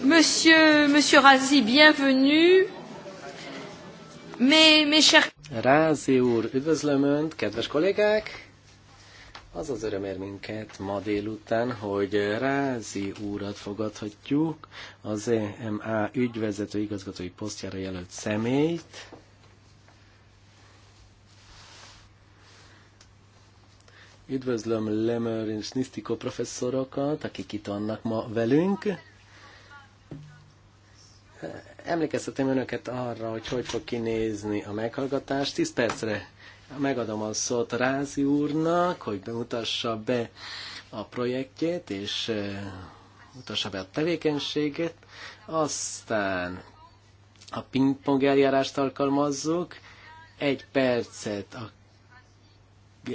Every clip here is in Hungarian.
Monsieur, Monsieur Razi, bienvenue. Mes, mes chers... Rázi úr, üdvözlöm Önt, kedves kollégák! Az az ér minket ma délután, hogy Rázi úrat fogadhatjuk, az EMA ügyvezető igazgatói posztjára jelölt személyt. Üdvözlöm Lemer és Nisztikó professzorokat, akik itt vannak ma velünk. Emlékeztetem önöket arra, hogy hogy fog kinézni a meghallgatás. tíz percre megadom a szót Rázi úrnak, hogy bemutassa be a projektjét, és mutassa be a tevékenységet. Aztán a pingpong eljárást alkalmazzuk, egy percet a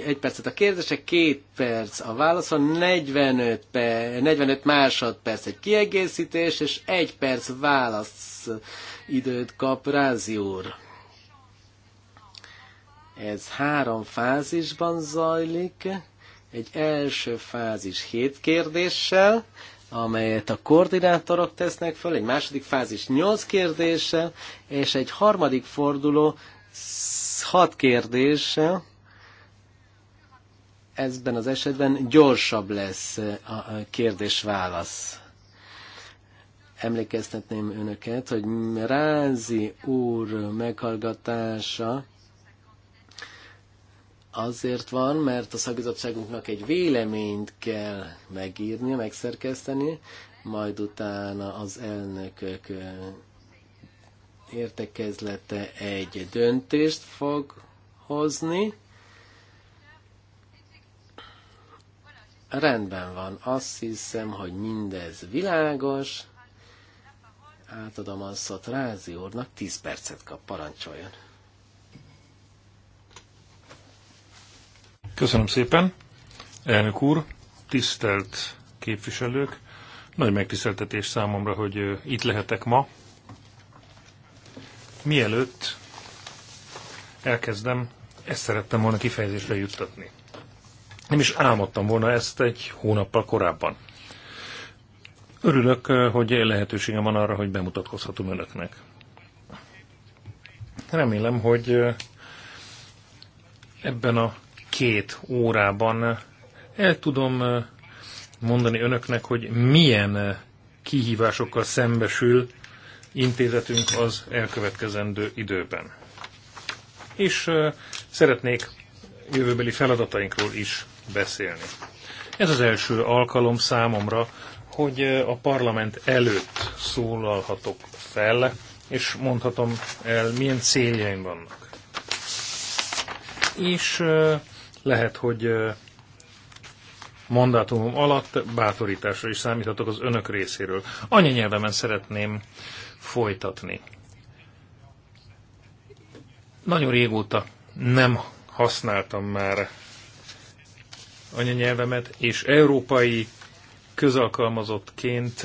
egy percet a kérdése, két perc a válaszon, 45, per, 45 másodperc egy kiegészítés, és egy perc válasz időt kap Rázi úr. Ez három fázisban zajlik. Egy első fázis hét kérdéssel, amelyet a koordinátorok tesznek föl, egy második fázis nyolc kérdéssel, és egy harmadik forduló hat kérdéssel, ezben az esetben gyorsabb lesz a kérdés-válasz. Emlékeztetném önöket, hogy Rázi úr meghallgatása azért van, mert a szakbizottságunknak egy véleményt kell megírnia, megszerkeszteni, majd utána az elnökök értekezlete egy döntést fog hozni, Rendben van, azt hiszem, hogy mindez világos. Átadom a szót Rázi úrnak, 10 percet kap, parancsoljon. Köszönöm szépen, elnök úr, tisztelt képviselők. Nagy megtiszteltetés számomra, hogy itt lehetek ma. Mielőtt elkezdem, ezt szerettem volna kifejezésre juttatni. Nem is álmodtam volna ezt egy hónappal korábban. Örülök, hogy lehetőségem van arra, hogy bemutatkozhatom önöknek. Remélem, hogy ebben a két órában el tudom mondani önöknek, hogy milyen kihívásokkal szembesül intézetünk az elkövetkezendő időben. És szeretnék jövőbeli feladatainkról is beszélni. Ez az első alkalom számomra, hogy a parlament előtt szólalhatok fel, és mondhatom el, milyen céljaim vannak. És lehet, hogy mandátumom alatt bátorításra is számíthatok az önök részéről. Anyanyelvemen szeretném folytatni. Nagyon régóta nem használtam már anyanyelvemet, és európai közalkalmazottként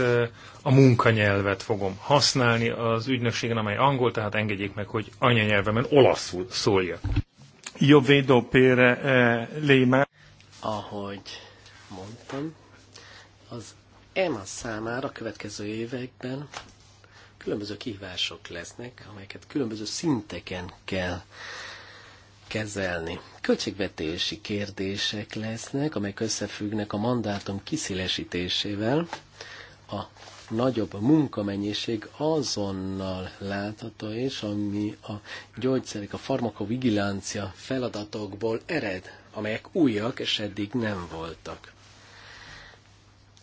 a munkanyelvet fogom használni az ügynökségen, amely angol, tehát engedjék meg, hogy anyanyelvemen olaszul szóljak. Jó védó pére léme. Ahogy mondtam, az EMA számára a következő években különböző kihívások lesznek, amelyeket különböző szinteken kell kezelni. Költségvetési kérdések lesznek, amelyek összefüggnek a mandátum kiszélesítésével, a nagyobb munkamennyiség azonnal látható és ami a gyógyszerek, a farmakovigilancia feladatokból ered, amelyek újak és eddig nem voltak.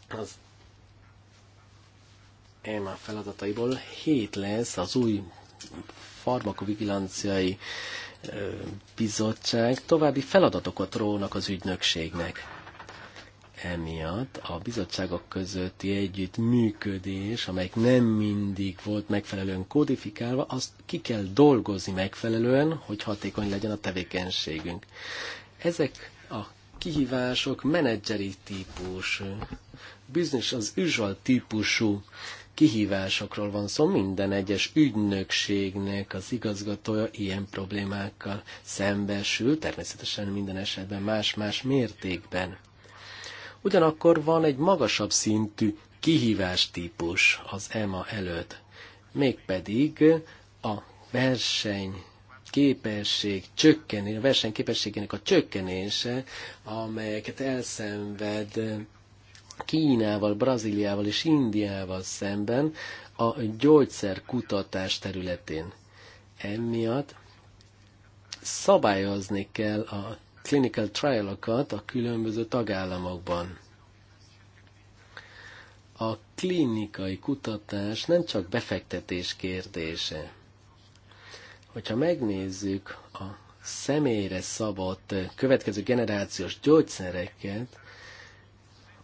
Az EMA feladataiból hét lesz az új farmakovigilanciai bizottság további feladatokat rónak az ügynökségnek. Emiatt a bizottságok közötti együttműködés, amelyik nem mindig volt megfelelően kodifikálva, azt ki kell dolgozni megfelelően, hogy hatékony legyen a tevékenységünk. Ezek a kihívások menedzseri típus, bizonyos az üzsal típusú kihívásokról van szó, minden egyes ügynökségnek az igazgatója ilyen problémákkal szembesül, természetesen minden esetben más-más mértékben. Ugyanakkor van egy magasabb szintű kihívástípus az EMA előtt, mégpedig a verseny képesség csökkenése, a versenyképességének a csökkenése, amelyeket elszenved Kínával, Brazíliával és Indiával szemben a gyógyszerkutatás területén. Emiatt szabályozni kell a clinical trialokat a különböző tagállamokban. A klinikai kutatás nem csak befektetés kérdése. Hogyha megnézzük a személyre szabott következő generációs gyógyszereket,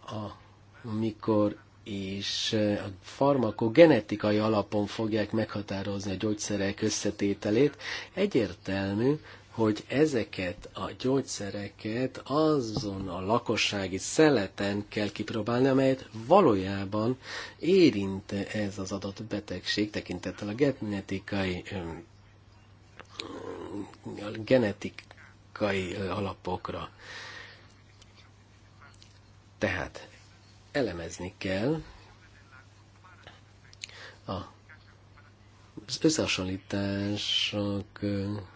a mikor és eh, a farmakogenetikai alapon fogják meghatározni a gyógyszerek összetételét, egyértelmű, hogy ezeket a gyógyszereket azon a lakossági szeleten kell kipróbálni, amelyet valójában érint ez az adott betegség, tekintettel a genetikai, a genetikai eh, alapokra. Tehát elemezni kell a az összehasonlítások,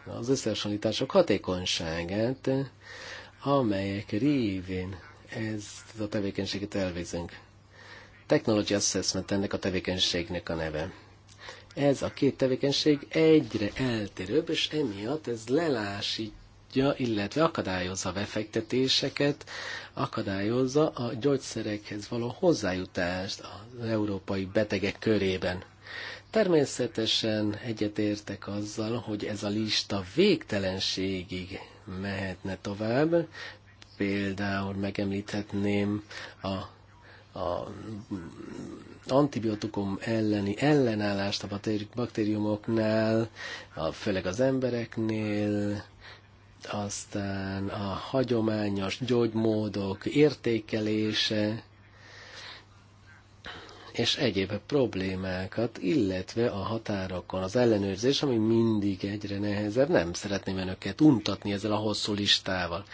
az összehasonlítások hatékonyságát, amelyek révén ezt a tevékenységet elvégzünk. Technology Assessment ennek a tevékenységnek a neve. Ez a két tevékenység egyre eltérőbb, és emiatt ez lelásít, támogatja, illetve akadályozza a befektetéseket, akadályozza a gyógyszerekhez való hozzájutást az európai betegek körében. Természetesen egyetértek azzal, hogy ez a lista végtelenségig mehetne tovább. Például megemlíthetném a, a antibiotikum elleni ellenállást a baktériumoknál, a, főleg az embereknél, aztán a hagyományos gyógymódok értékelése, és egyéb problémákat, illetve a határokon az ellenőrzés, ami mindig egyre nehezebb. Nem szeretném önöket untatni ezzel a hosszú listával.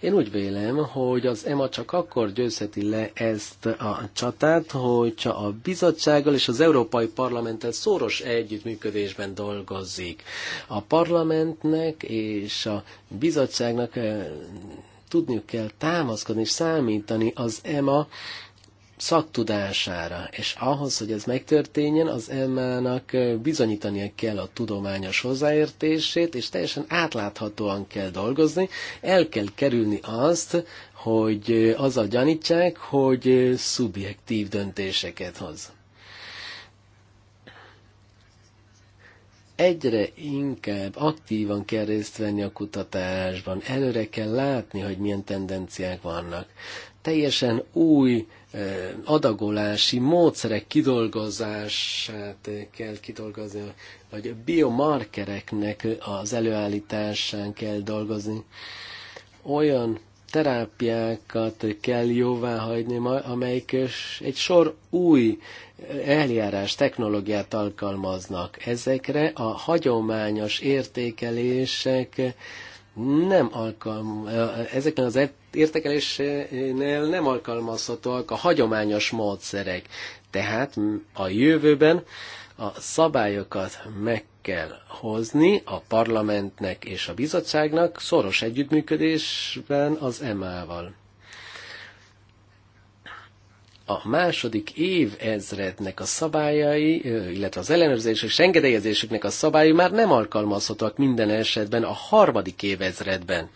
Én úgy vélem, hogy az EMA csak akkor győzheti le ezt a csatát, hogyha a bizottsággal és az Európai Parlamenttel szoros együttműködésben dolgozik. A parlamentnek és a bizottságnak eh, tudniuk kell támaszkodni és számítani az EMA szaktudására, és ahhoz, hogy ez megtörténjen, az emmának bizonyítania kell a tudományos hozzáértését, és teljesen átláthatóan kell dolgozni, el kell kerülni azt, hogy a gyanítsák, hogy szubjektív döntéseket hoz. egyre inkább aktívan kell részt venni a kutatásban, előre kell látni, hogy milyen tendenciák vannak. Teljesen új adagolási módszerek kidolgozását kell kidolgozni, vagy biomarkereknek az előállításán kell dolgozni. Olyan terápiákat kell jóvá hagyni, amelyik egy sor új eljárás, technológiát alkalmaznak. Ezekre a hagyományos értékelések nem alkalm, ezekben az értékelésnél nem alkalmazhatóak a hagyományos módszerek. Tehát a jövőben a szabályokat meg kell hozni a parlamentnek és a bizottságnak szoros együttműködésben az EMA-val a második év ezrednek a szabályai, illetve az ellenőrzések és engedélyezésüknek a szabályai már nem alkalmazhatóak minden esetben a harmadik évezredben.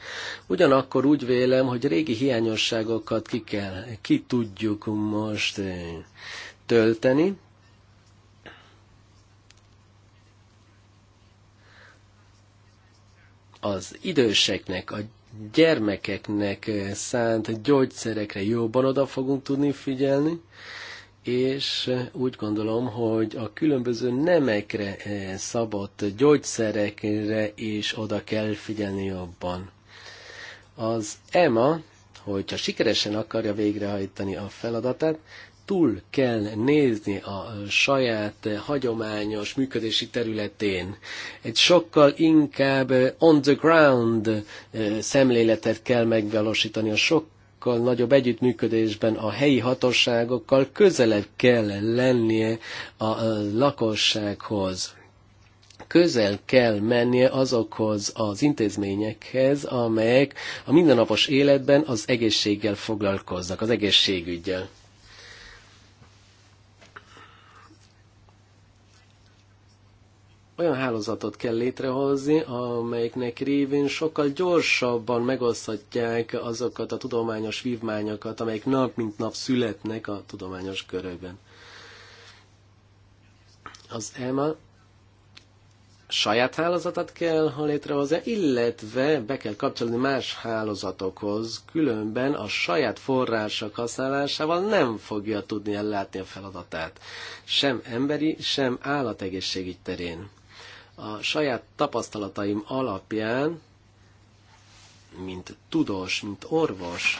Ugyanakkor úgy vélem, hogy régi hiányosságokat ki, kell, ki tudjuk most tölteni, az időseknek, a gyermekeknek szánt gyógyszerekre jobban oda fogunk tudni figyelni, és úgy gondolom, hogy a különböző nemekre szabott gyógyszerekre is oda kell figyelni jobban. Az EMA, hogyha sikeresen akarja végrehajtani a feladatát, túl kell nézni a saját hagyományos működési területén. Egy sokkal inkább on the ground eh, szemléletet kell megvalósítani, a sok sokkal nagyobb együttműködésben a helyi hatóságokkal közelebb kell lennie a lakossághoz. Közel kell mennie azokhoz az intézményekhez, amelyek a mindennapos életben az egészséggel foglalkoznak, az egészségügyel. olyan hálózatot kell létrehozni, amelyiknek révén sokkal gyorsabban megoszthatják azokat a tudományos vívmányokat, amelyek nap mint nap születnek a tudományos körökben. Az EMA saját hálózatot kell, ha létrehozni, illetve be kell kapcsolni más hálózatokhoz, különben a saját források használásával nem fogja tudni ellátni a feladatát, sem emberi, sem állategészségügy terén a saját tapasztalataim alapján, mint tudós, mint orvos,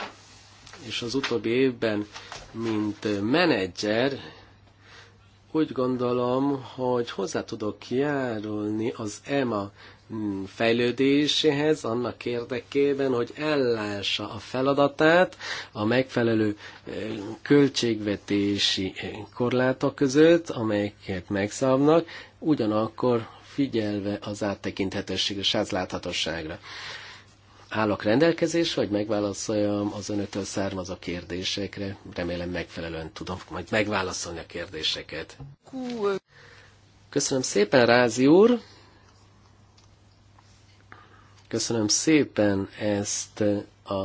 és az utóbbi évben, mint menedzser, úgy gondolom, hogy hozzá tudok járulni az EMA fejlődéséhez annak érdekében, hogy ellássa a feladatát a megfelelő eh, költségvetési korlátok között, amelyeket megszabnak, ugyanakkor figyelve az áttekinthetőség és láthatosságra. Állok rendelkezés, hogy megválaszoljam az önötől származó kérdésekre. Remélem megfelelően tudom majd megválaszolni a kérdéseket. Köszönöm szépen, Rázi úr! Köszönöm szépen ezt a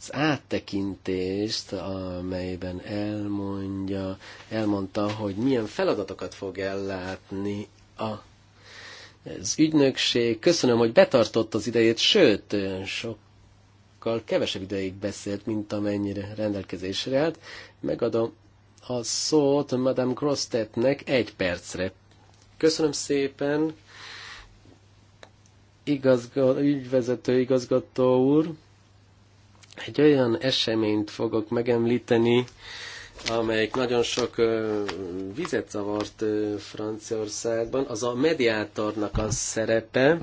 az áttekintést, amelyben elmondja, elmondta, hogy milyen feladatokat fog ellátni a az ügynökség. Köszönöm, hogy betartott az idejét, sőt, sokkal kevesebb ideig beszélt, mint amennyire rendelkezésre állt. Megadom a szót Madame Grostetnek egy percre. Köszönöm szépen, igazga, ügyvezető igazgató úr. Egy olyan eseményt fogok megemlíteni, amelyik nagyon sok vizet zavart Franciaországban, az a mediátornak a szerepe,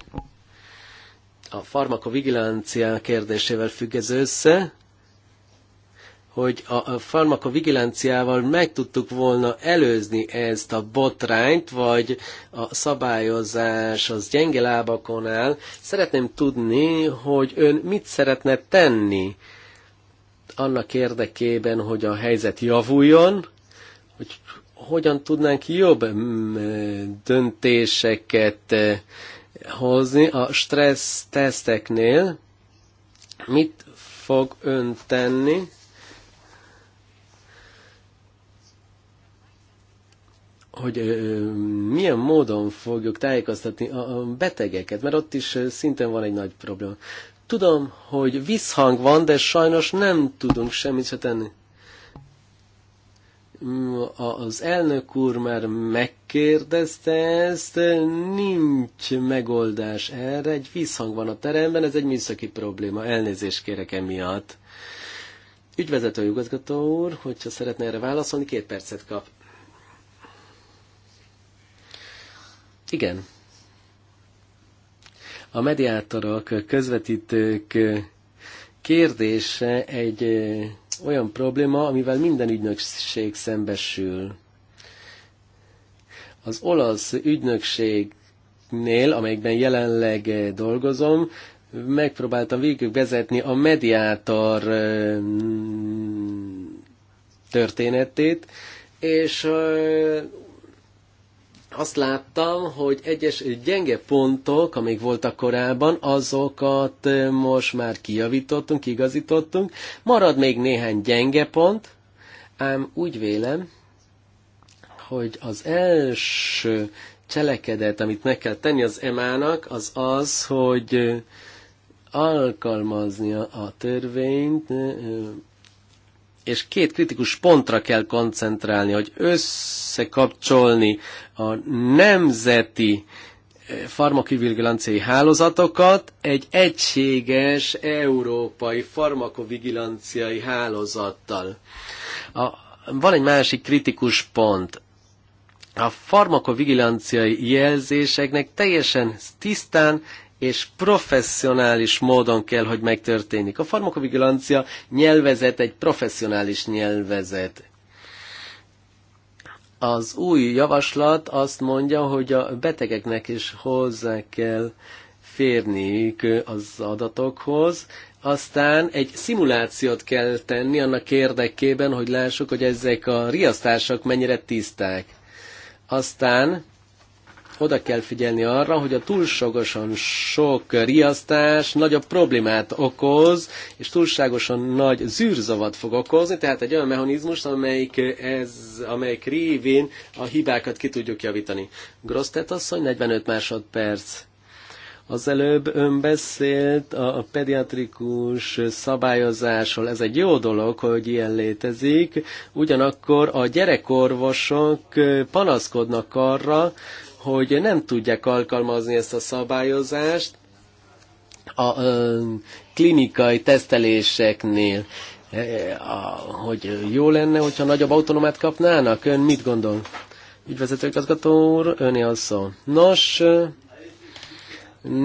a farmakovigilancia kérdésével függ ez össze, hogy a farmakovigilanciával meg tudtuk volna előzni ezt a botrányt, vagy a szabályozás az gyenge lábakon áll. Szeretném tudni, hogy ön mit szeretne tenni annak érdekében, hogy a helyzet javuljon, hogy hogyan tudnánk jobb mm, döntéseket eh, hozni a stressz teszteknél, mit fog ön tenni, hogy eh, milyen módon fogjuk tájékoztatni a betegeket, mert ott is eh, szintén van egy nagy probléma. Tudom, hogy visszhang van, de sajnos nem tudunk semmit se tenni. Az elnök úr már megkérdezte ezt, nincs megoldás erre, egy visszhang van a teremben, ez egy műszaki probléma, elnézést kérek emiatt. Ügyvezető igazgató úr, hogyha szeretne erre válaszolni, két percet kap. Igen, a mediátorok, közvetítők kérdése egy olyan probléma, amivel minden ügynökség szembesül. Az olasz ügynökségnél, amelyikben jelenleg dolgozom, megpróbáltam vezetni a mediátor történetét, és azt láttam, hogy egyes gyenge pontok, amik voltak korábban, azokat most már kijavítottunk, igazítottunk. Marad még néhány gyenge pont, ám úgy vélem, hogy az első cselekedet, amit meg kell tenni az emának, az az, hogy alkalmaznia a törvényt, és két kritikus pontra kell koncentrálni, hogy összekapcsolni a nemzeti eh, farmakovigilanciai hálózatokat egy egységes európai farmakovigilanciai hálózattal. A, van egy másik kritikus pont. A farmakovigilanciai jelzéseknek teljesen tisztán és professzionális módon kell, hogy megtörténik. A farmakovigilancia nyelvezet egy professzionális nyelvezet. Az új javaslat azt mondja, hogy a betegeknek is hozzá kell férniük az adatokhoz, aztán egy szimulációt kell tenni annak érdekében, hogy lássuk, hogy ezek a riasztások mennyire tiszták. Aztán oda kell figyelni arra, hogy a túlságosan sok riasztás nagyobb problémát okoz, és túlságosan nagy zűrzavat fog okozni, tehát egy olyan mechanizmus, amelyik, ez, amelyik révén a hibákat ki tudjuk javítani. Grosztet asszony, 45 másodperc. Az előbb ön beszélt a pediatrikus szabályozásról. Ez egy jó dolog, hogy ilyen létezik. Ugyanakkor a gyerekorvosok panaszkodnak arra, hogy nem tudják alkalmazni ezt a szabályozást a a klinikai teszteléseknél. E, a, hogy jó lenne, hogyha nagyobb autonomát kapnának? Ön mit gondol? Ügyvezetőigazgató úr, öné a szó. Nos,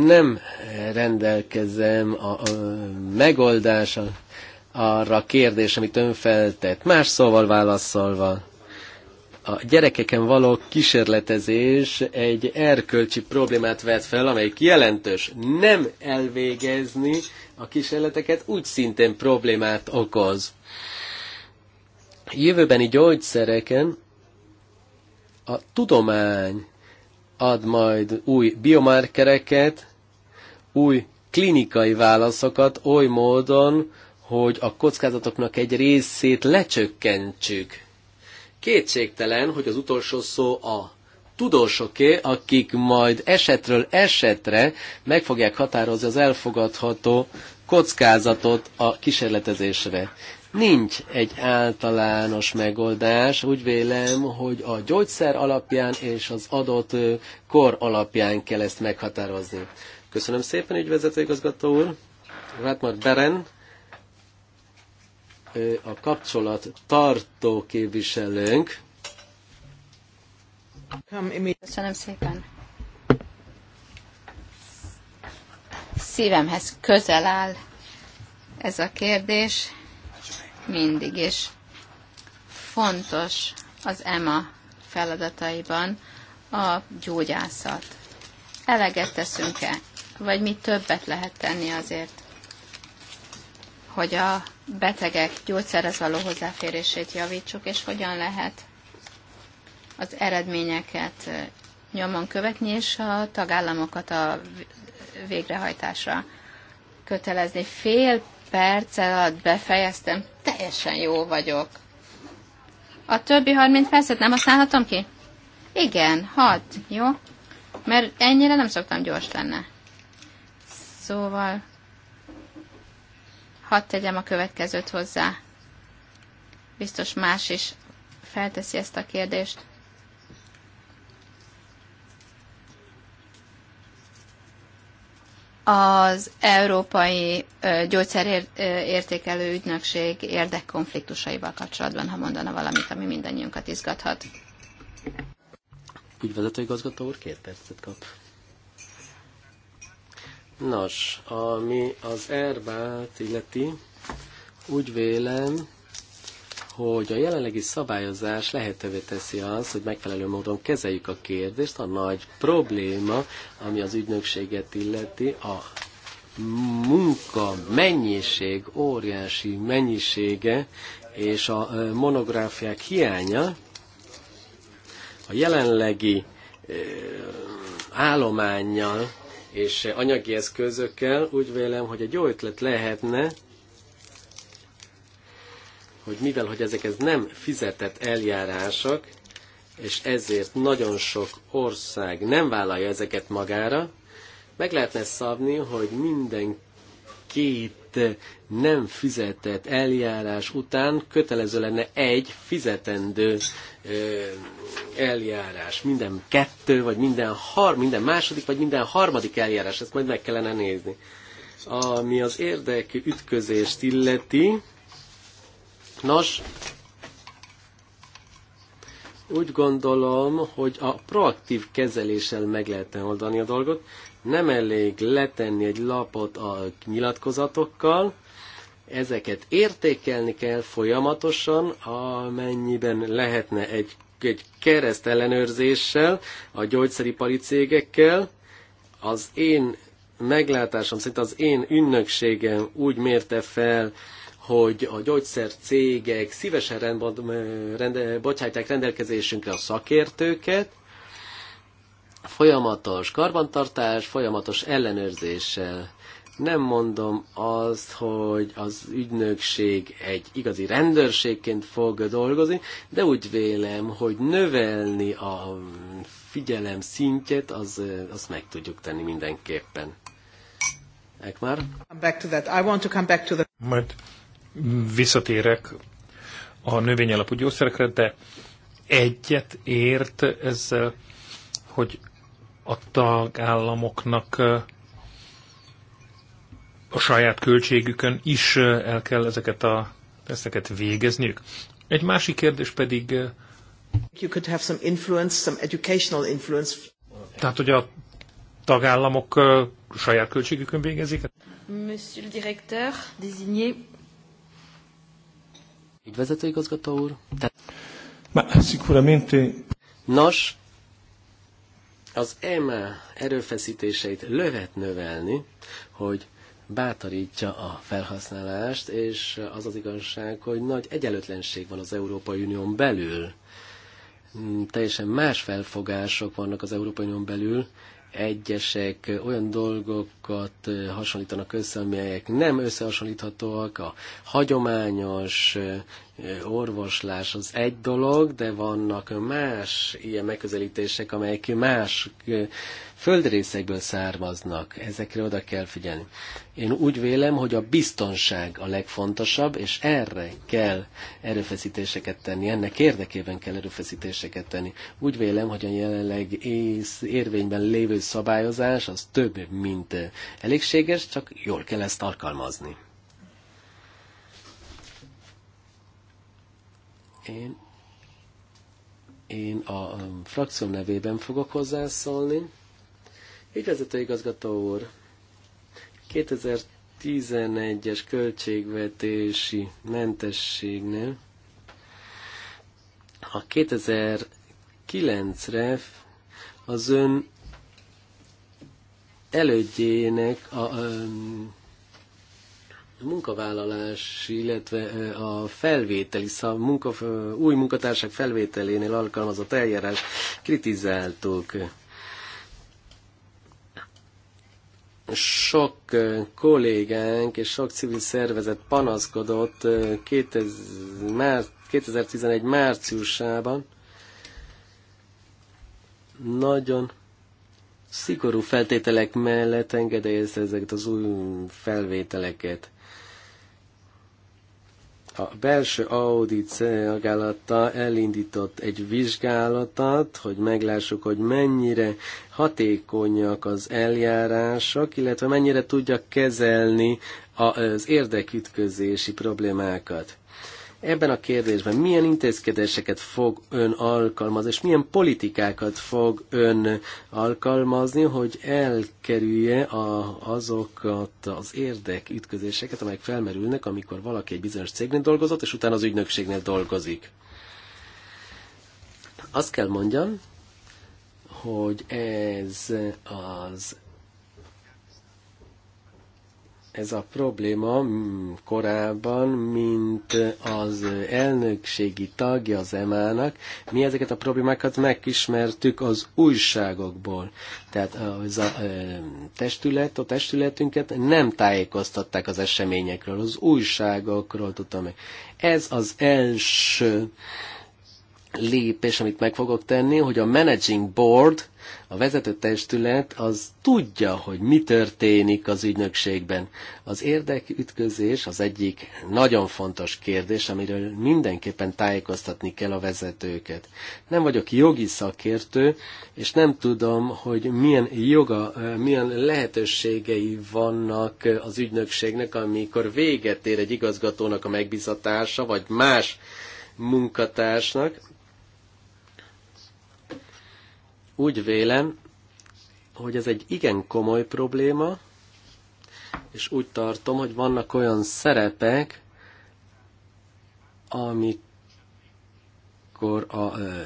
nem rendelkezem a, a megoldással arra a kérdés, amit ön feltett. Más szóval válaszolva, a gyerekeken való kísérletezés egy erkölcsi problémát vet fel, amelyik jelentős. Nem elvégezni a kísérleteket úgy szintén problémát okoz. Jövőbeni gyógyszereken a tudomány ad majd új biomarkereket, új klinikai válaszokat oly módon, hogy a kockázatoknak egy részét lecsökkentsük Kétségtelen, hogy az utolsó szó a tudósoké, akik majd esetről esetre meg fogják határozni az elfogadható kockázatot a kísérletezésre. Nincs egy általános megoldás, úgy vélem, hogy a gyógyszer alapján és az adott kor alapján kell ezt meghatározni. Köszönöm szépen, ügyvezetőigazgató igazgató úr. Rátmar Beren a kapcsolat tartó képviselőnk. Köszönöm szépen. Szívemhez közel áll ez a kérdés mindig, és fontos az EMA feladataiban a gyógyászat. Eleget teszünk-e, vagy mi többet lehet tenni azért? hogy a betegek gyógyszerhez való hozzáférését javítsuk, és hogyan lehet az eredményeket nyomon követni, és a tagállamokat a végrehajtásra kötelezni. Fél perc alatt befejeztem, teljesen jó vagyok. A többi 30 percet nem használhatom ki? Igen, hat, jó? Mert ennyire nem szoktam gyors lenne. Szóval Hadd tegyem a következőt hozzá. Biztos más is felteszi ezt a kérdést. az Európai Gyógyszerértékelő Ügynökség érdekkonfliktusaival kapcsolatban, ha mondana valamit, ami mindannyiunkat izgathat. Ügyvezető igazgató úr, két percet kap. Nos, ami az erbát illeti, úgy vélem, hogy a jelenlegi szabályozás lehetővé teszi azt, hogy megfelelő módon kezeljük a kérdést. A nagy probléma, ami az ügynökséget illeti, a munka mennyiség, óriási mennyisége és a monográfiák hiánya a jelenlegi állományjal és anyagi eszközökkel úgy vélem, hogy egy jó ötlet lehetne, hogy mivel, hogy ezek ez nem fizetett eljárások, és ezért nagyon sok ország nem vállalja ezeket magára, meg lehetne szabni, hogy minden két nem fizetett eljárás után kötelező lenne egy fizetendő eljárás, minden kettő, vagy minden, har, minden második, vagy minden harmadik eljárás, ezt majd meg kellene nézni. Ami az érdekű ütközést illeti, nos, úgy gondolom, hogy a proaktív kezeléssel meg lehetne oldani a dolgot. Nem elég letenni egy lapot a nyilatkozatokkal, Ezeket értékelni kell folyamatosan, amennyiben lehetne egy, egy kereszt ellenőrzéssel, a gyógyszeripari cégekkel. Az én meglátásom szerint az én ünnökségem úgy mérte fel, hogy a gyógyszer cégek szívesen rend, rendelkezésünkre a szakértőket, folyamatos karbantartás, folyamatos ellenőrzéssel nem mondom azt, hogy az ügynökség egy igazi rendőrségként fog dolgozni, de úgy vélem, hogy növelni a figyelem szintjét, az, azt meg tudjuk tenni mindenképpen. Ekmar? Majd visszatérek a alapú gyógyszerekre, de egyet ért ezzel, hogy a tagállamoknak a saját költségükön is el kell ezeket a teszteket végezniük. Egy másik kérdés pedig... You could have some influence, some educational influence. Tehát, hogy a tagállamok saját költségükön végezik? Monsieur le directeur, désigné. Ügyvezető igazgató úr. Ma, sicuramente... Nos, az EMA erőfeszítéseit lövet növelni, hogy bátorítja a felhasználást, és az az igazság, hogy nagy egyenlőtlenség van az Európai Unión belül. Mm, teljesen más felfogások vannak az Európai Unión belül, egyesek olyan dolgokat hasonlítanak össze, amelyek nem összehasonlíthatóak. A hagyományos orvoslás az egy dolog, de vannak más ilyen megközelítések, amelyek más földrészekből származnak. Ezekre oda kell figyelni. Én úgy vélem, hogy a biztonság a legfontosabb, és erre kell erőfeszítéseket tenni, ennek érdekében kell erőfeszítéseket tenni. Úgy vélem, hogy a jelenleg érvényben lévő szabályozás az több, mint elégséges, csak jól kell ezt alkalmazni. Én én a frakció nevében fogok hozzászólni. Igazgató igazgató úr, 2011-es költségvetési mentességnél a 2009-re az ön elődjének a, a, a munkavállalás, illetve a felvételi szab, munka, új munkatársak felvételénél alkalmazott eljárás kritizáltuk. sok eh, kollégánk és sok civil szervezet panaszkodott 2011 eh, márciusában. Nagyon szigorú feltételek mellett engedélyezte ezeket az új felvételeket. A belső Audi szolgálata elindított egy vizsgálatot, hogy meglássuk, hogy mennyire hatékonyak az eljárások, illetve mennyire tudja kezelni az érdekütközési problémákat. Ebben a kérdésben milyen intézkedéseket fog ön alkalmazni, és milyen politikákat fog ön alkalmazni, hogy elkerülje a, azokat az érdekütközéseket, amelyek felmerülnek, amikor valaki egy bizonyos cégnél dolgozott, és utána az ügynökségnél dolgozik. Azt kell mondjam, hogy ez az ez a probléma mm, korábban, mint az elnökségi tagja az emának, mi ezeket a problémákat megismertük az újságokból. Tehát az a testület, a testületünket nem tájékoztatták az eseményekről, az újságokról tudtam meg. Ez az első lépés, amit meg fogok tenni, hogy a Managing Board, a vezető testület, az tudja, hogy mi történik az ügynökségben. Az érdekütközés az egyik nagyon fontos kérdés, amiről mindenképpen tájékoztatni kell a vezetőket. Nem vagyok jogi szakértő, és nem tudom, hogy milyen joga, milyen lehetőségei vannak az ügynökségnek, amikor véget ér egy igazgatónak a megbizatása, vagy más munkatársnak, Úgy vélem, hogy ez egy igen komoly probléma, és úgy tartom, hogy vannak olyan szerepek, amikor a ö,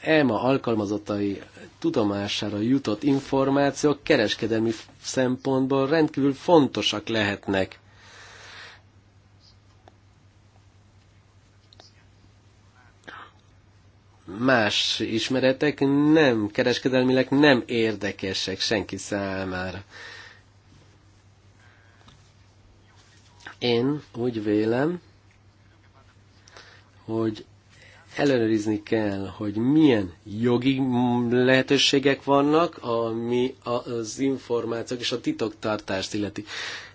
EMA alkalmazottai tudomására jutott információk kereskedelmi szempontból rendkívül fontosak lehetnek. más ismeretek nem kereskedelmileg nem érdekesek senki számára. Én úgy vélem, hogy ellenőrizni kell, hogy milyen jogi lehetőségek vannak, ami az információk és a titoktartást illeti.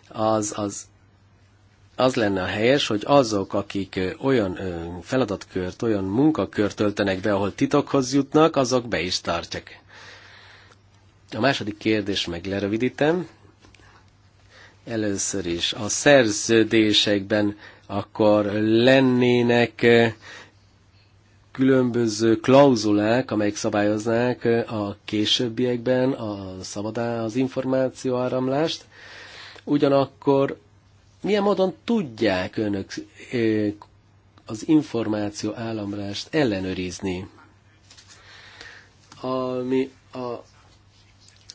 Az, az az lenne a helyes, hogy azok, akik olyan feladatkört, olyan munkakört töltenek be, ahol titokhoz jutnak, azok be is tartják. A második kérdés meg lerövidítem. Először is a szerződésekben akkor lennének különböző klauzulák, amelyek szabályoznák a későbbiekben a szabadá az információ áramlást. Ugyanakkor milyen módon tudják önök az információ államlást ellenőrizni? Ami a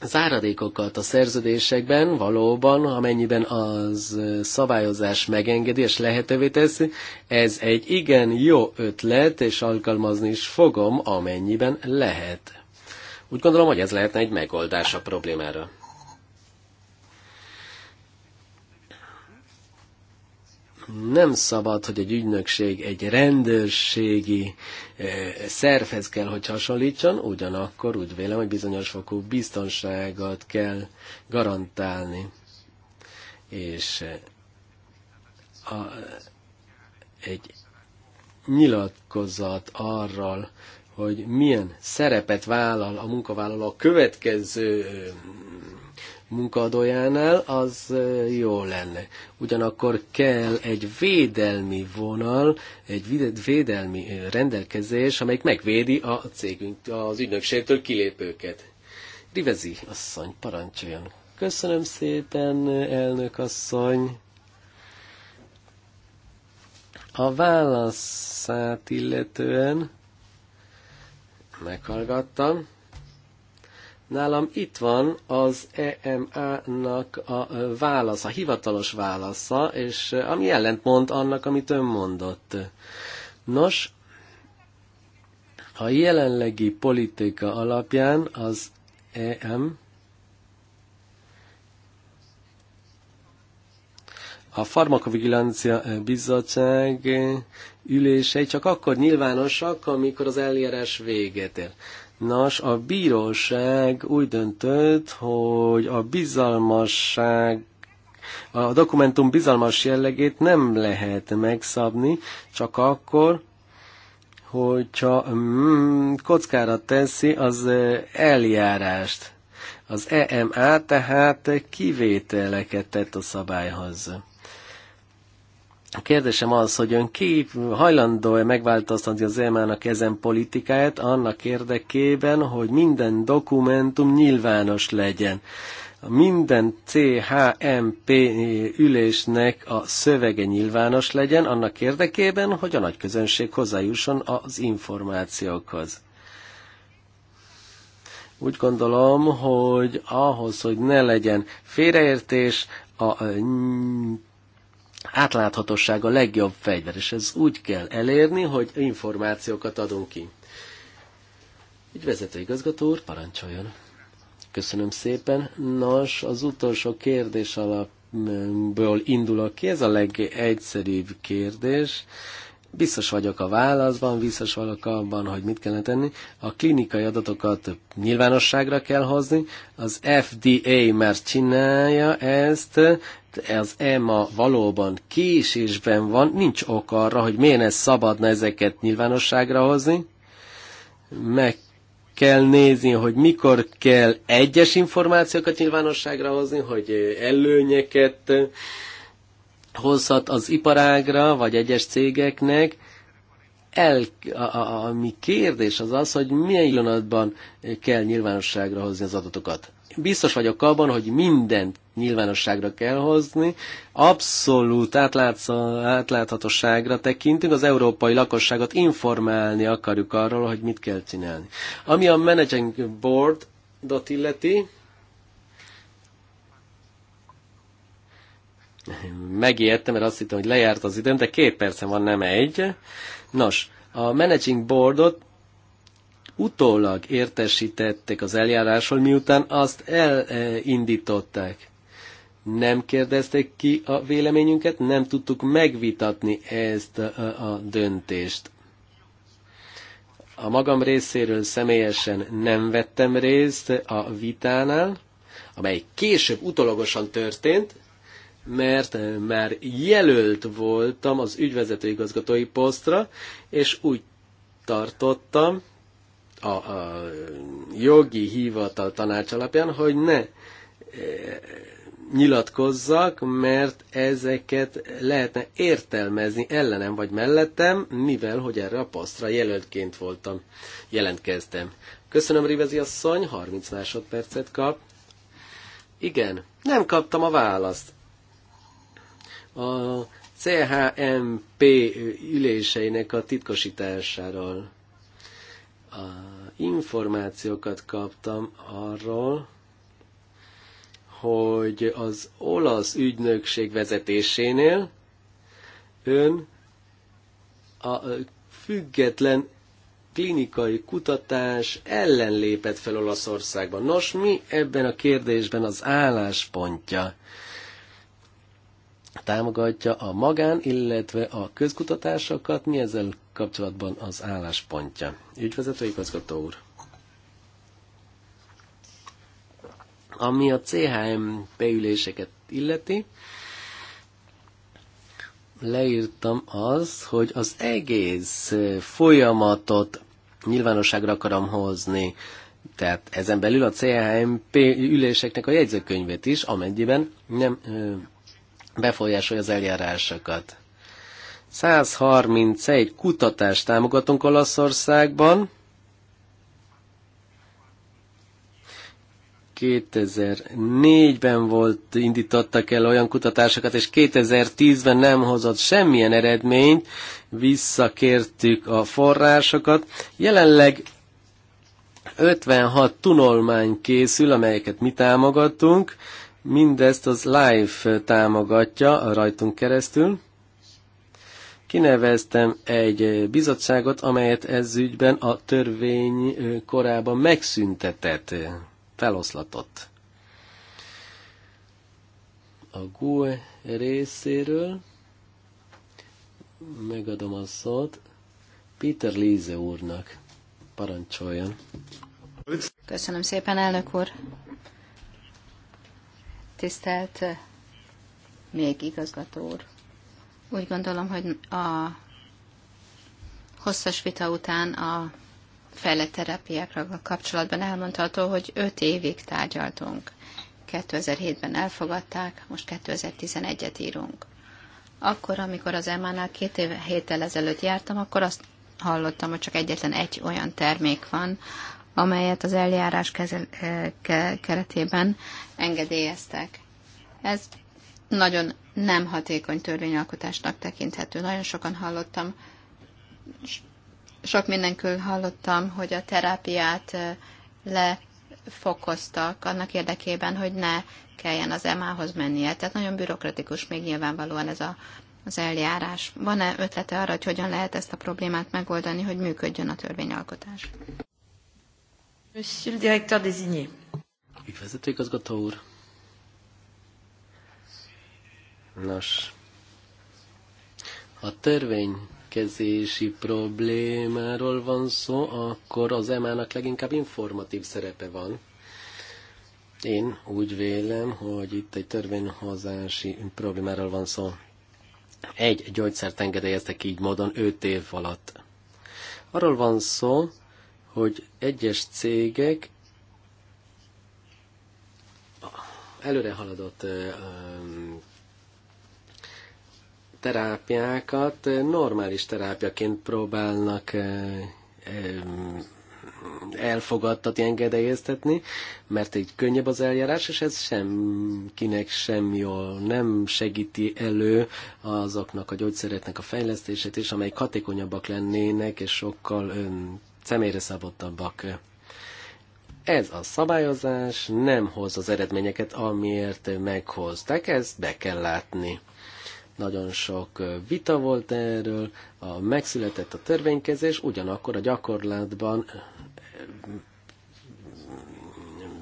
záradékokat a szerződésekben valóban, amennyiben az szabályozás megengedi és lehetővé teszi, ez egy igen jó ötlet, és alkalmazni is fogom, amennyiben lehet. Úgy gondolom, hogy ez lehetne egy megoldás a problémára. nem szabad, hogy egy ügynökség egy rendőrségi eh, szervhez kell, hogy hasonlítson, ugyanakkor úgy vélem, hogy bizonyos fokú biztonságot kell garantálni. És eh, a, egy nyilatkozat arról, hogy milyen szerepet vállal a munkavállaló a következő eh, munkadójánál, az jó lenne. Ugyanakkor kell egy védelmi vonal, egy védelmi rendelkezés, amelyik megvédi a cégünk, az ügynökségtől kilépőket. Rivezi asszony, parancsoljon. Köszönöm szépen, elnök asszony. A válaszát illetően meghallgattam. Nálam itt van az EMA-nak a válasza, hivatalos válasza, és ami ellentmond annak, amit ön mondott. Nos, a jelenlegi politika alapján az EM a Farmakovigilancia Bizottság ülései csak akkor nyilvánosak, amikor az eljárás véget ér. Nos, a bíróság úgy döntött, hogy a bizalmasság a dokumentum bizalmas jellegét nem lehet megszabni, csak akkor, hogyha mm, kockára teszi az eh, eljárást. Az EMA tehát kivételeket tett a szabályhoz. A kérdésem az, hogy ön ki hajlandó-e megváltoztatni az EMA-nak ezen politikáját annak érdekében, hogy minden dokumentum nyilvános legyen. Minden CHMP ülésnek a szövege nyilvános legyen annak érdekében, hogy a nagy közönség hozzájusson az információkhoz úgy gondolom, hogy ahhoz, hogy ne legyen félreértés, a átláthatóság a legjobb fegyver, és ez úgy kell elérni, hogy információkat adunk ki. vezető igazgató úr, parancsoljon! Köszönöm szépen. Nos, az utolsó kérdés alapból indulok ki. Ez a legegyszerűbb kérdés. Biztos vagyok a válaszban, biztos vagyok abban, hogy mit kellene tenni. A klinikai adatokat nyilvánosságra kell hozni. Az FDA már csinálja ezt, az EMA valóban késésben van, nincs ok arra, hogy miért ne szabadna ezeket nyilvánosságra hozni. Meg kell nézni, hogy mikor kell egyes információkat nyilvánosságra hozni, hogy előnyeket hozhat az iparágra, vagy egyes cégeknek, el, a, a, a mi kérdés az az, hogy milyen pillanatban kell nyilvánosságra hozni az adatokat. Biztos vagyok abban, hogy mindent nyilvánosságra kell hozni, abszolút átlátsz, átláthatóságra tekintünk, az európai lakosságot informálni akarjuk arról, hogy mit kell csinálni. Ami a Managing Board ot illeti, Megijedtem, mert azt hittem, hogy lejárt az időm, de két percem van, nem egy. Nos, a Managing Boardot utólag értesítették az eljárásról, miután azt elindították. Nem kérdezték ki a véleményünket, nem tudtuk megvitatni ezt a, a döntést. A magam részéről személyesen nem vettem részt a vitánál, amely később utolagosan történt, mert eh, már jelölt voltam az ügyvezetőigazgatói posztra, és úgy tartottam a, a jogi hivatal tanács alapján, hogy ne eh, nyilatkozzak, mert ezeket lehetne értelmezni ellenem vagy mellettem, mivel hogy erre a posztra jelöltként voltam, jelentkeztem. Köszönöm, Rivezi asszony, 30 másodpercet kap. Igen, nem kaptam a választ a CHMP üléseinek a titkosításáról. A információkat kaptam arról, hogy az olasz ügynökség vezetésénél ön a független klinikai kutatás ellen lépett fel Olaszországban. Nos, mi ebben a kérdésben az álláspontja? támogatja a magán, illetve a közkutatásokat. Mi ezzel kapcsolatban az álláspontja? Ügyvezető igazgató úr. Ami a CHM beüléseket illeti, leírtam az, hogy az egész folyamatot nyilvánosságra akarom hozni. Tehát ezen belül a CHMP üléseknek a jegyzőkönyvét is, amennyiben nem befolyásolja az eljárásokat. 131 kutatást támogatunk Olaszországban. 2004-ben volt, indítottak el olyan kutatásokat, és 2010-ben nem hozott semmilyen eredményt, visszakértük a forrásokat. Jelenleg 56 tunolmány készül, amelyeket mi támogatunk, Mindezt az Live támogatja rajtunk keresztül. Kineveztem egy bizottságot, amelyet ez ügyben a törvény korában megszüntetett, feloszlatott. A GUE részéről megadom a szót Peter Líze úrnak. Parancsoljon. Köszönöm szépen, elnök úr. Tisztelt eh, még igazgató úr. Úgy gondolom, hogy a hosszas vita után a fejlett terápiákra kapcsolatban elmondható, hogy öt évig tárgyaltunk. 2007-ben elfogadták, most 2011-et írunk. Akkor, amikor az EMA-nál két év, héttel ezelőtt jártam, akkor azt hallottam, hogy csak egyetlen egy olyan termék van, amelyet az eljárás kezel, eh, ke, keretében engedélyeztek. Ez nagyon nem hatékony törvényalkotásnak tekinthető. Nagyon sokan hallottam, sok mindenkül hallottam, hogy a terápiát eh, lefokoztak annak érdekében, hogy ne kelljen az emához mennie. Tehát nagyon bürokratikus még nyilvánvalóan ez a, az eljárás. Van-e ötlete arra, hogy hogyan lehet ezt a problémát megoldani, hogy működjön a törvényalkotás? Monsieur le directeur désigné. úr. Nos, a törvénykezési problémáról van szó, akkor az EMA-nak leginkább informatív szerepe van. Én úgy vélem, hogy itt egy törvényhozási problémáról van szó. Egy gyógyszert engedélyeztek így módon 5 év alatt. Arról van szó, hogy egyes cégek előre haladott terápiákat normális terápiaként próbálnak elfogadtatni, engedélyeztetni, mert így könnyebb az eljárás, és ez semkinek sem jól nem segíti elő azoknak a gyógyszereknek a fejlesztését, és amelyik hatékonyabbak lennének, és sokkal személyre szabottabbak. Ez a szabályozás nem hoz az eredményeket, amiért meghozták, ezt be kell látni. Nagyon sok vita volt erről, a megszületett a törvénykezés, ugyanakkor a gyakorlatban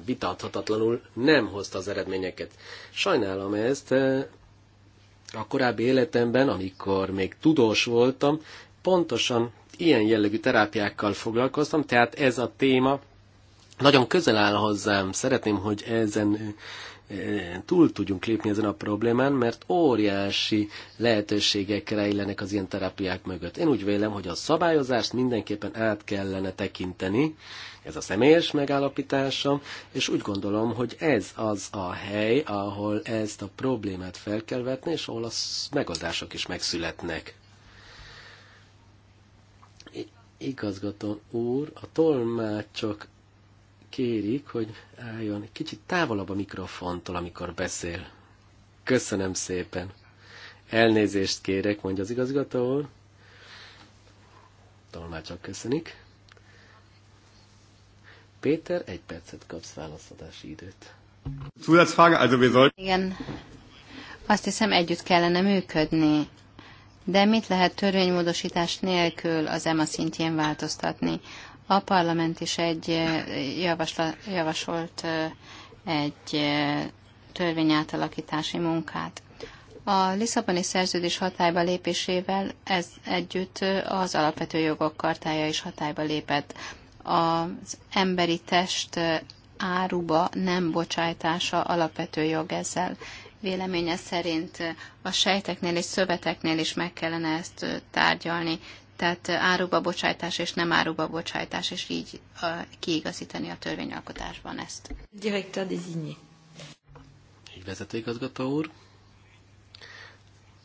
vitathatatlanul nem hozta az eredményeket. Sajnálom ezt, a korábbi életemben, amikor még tudós voltam, pontosan ilyen jellegű terápiákkal foglalkoztam, tehát ez a téma nagyon közel áll hozzám. Szeretném, hogy ezen túl tudjunk lépni ezen a problémán, mert óriási lehetőségek rejlenek az ilyen terápiák mögött. Én úgy vélem, hogy a szabályozást mindenképpen át kellene tekinteni, ez a személyes megállapításom, és úgy gondolom, hogy ez az a hely, ahol ezt a problémát fel kell vetni, és ahol a megoldások is megszületnek igazgató úr, a tolmácsok kérik, hogy álljon kicsit távolabb a mikrofontól, amikor beszél. Köszönöm szépen. Elnézést kérek, mondja az igazgató úr. Tolmácsok köszönik. Péter, egy percet kapsz válaszadási időt. Zusatzfrage, also wir sollten... Igen, azt hiszem együtt kellene működni. De mit lehet törvénymódosítás nélkül az EMA szintjén változtatni? A parlament is egy eh, javasla, javasolt eh, egy eh, átalakítási munkát. A Lisszaboni szerződés hatályba lépésével ez együtt az alapvető jogok kartája is hatályba lépett. Az emberi test áruba nem bocsájtása alapvető jog ezzel Véleménye szerint a sejteknél és szöveteknél is meg kellene ezt tárgyalni, tehát áruba bocsájtás és nem áruba bocsájtás, és így kiigazítani a törvényalkotásban ezt. Direktor désigné. Így vezetőigazgató úr.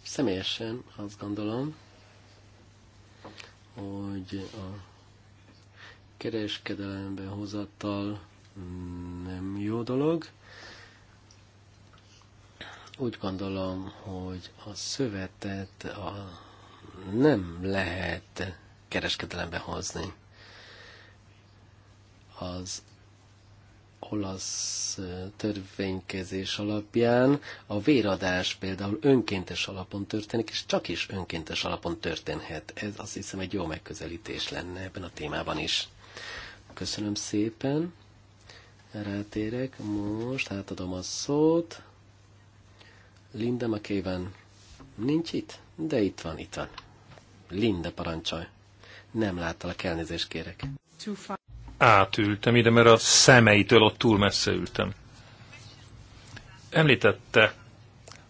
Személyesen azt gondolom, hogy a kereskedelembe hozattal mm, nem jó dolog úgy gondolom, hogy a szövetet a nem lehet kereskedelembe hozni. Az olasz törvénykezés alapján a véradás például önkéntes alapon történik, és csak is önkéntes alapon történhet. Ez azt hiszem egy jó megközelítés lenne ebben a témában is. Köszönöm szépen. Rátérek most, átadom a szót Linda McKeven nincs itt, de itt van, itt van. Linda parancsolj. Nem láttalak, elnézést kérek. Átültem ide, mert a szemeitől ott túl messze ültem. Említette,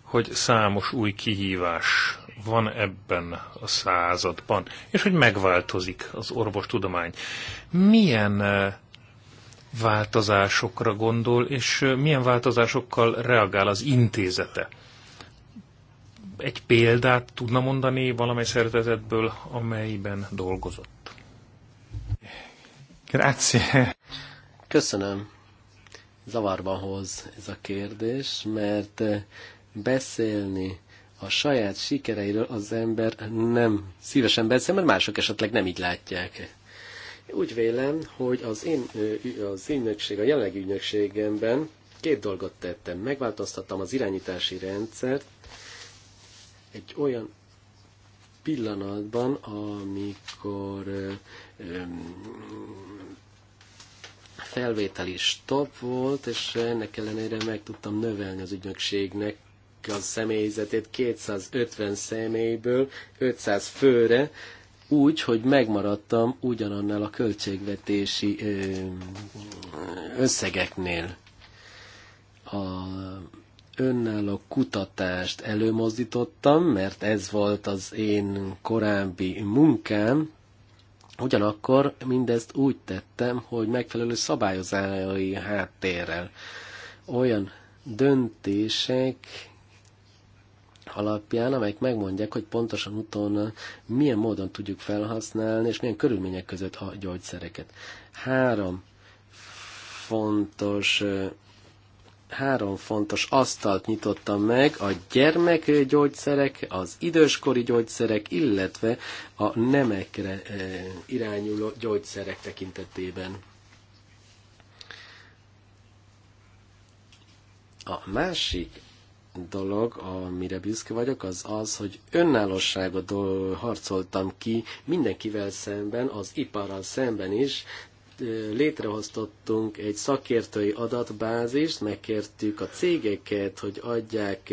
hogy számos új kihívás van ebben a században, és hogy megváltozik az orvostudomány. Milyen eh, változásokra gondol, és eh, milyen változásokkal reagál az intézete egy példát tudna mondani valamely szervezetből, amelyben dolgozott? Grazie. Köszönöm. Zavarba hoz ez a kérdés, mert beszélni a saját sikereiről az ember nem szívesen beszél, mert mások esetleg nem így látják. Úgy vélem, hogy az én, az ügynökség, a jelenlegi ügynökségemben két dolgot tettem. Megváltoztattam az irányítási rendszert, egy olyan pillanatban, amikor felvételi stop volt, és ennek ellenére meg tudtam növelni az ügynökségnek a személyzetét 250 személyből 500 főre, úgy, hogy megmaradtam ugyanannál a költségvetési összegeknél. A önnel a kutatást előmozdítottam, mert ez volt az én korábbi munkám, Ugyanakkor mindezt úgy tettem, hogy megfelelő szabályozási háttérrel. Olyan döntések alapján, amelyek megmondják, hogy pontosan úton milyen módon tudjuk felhasználni, és milyen körülmények között a gyógyszereket. Három fontos három fontos asztalt nyitottam meg, a gyermekgyógyszerek, az időskori gyógyszerek, illetve a nemekre eh, irányuló gyógyszerek tekintetében. A másik dolog, amire büszke vagyok, az az, hogy önállóságot harcoltam ki mindenkivel szemben, az iparral szemben is, létrehoztattunk egy szakértői adatbázist, megkértük a cégeket, hogy adják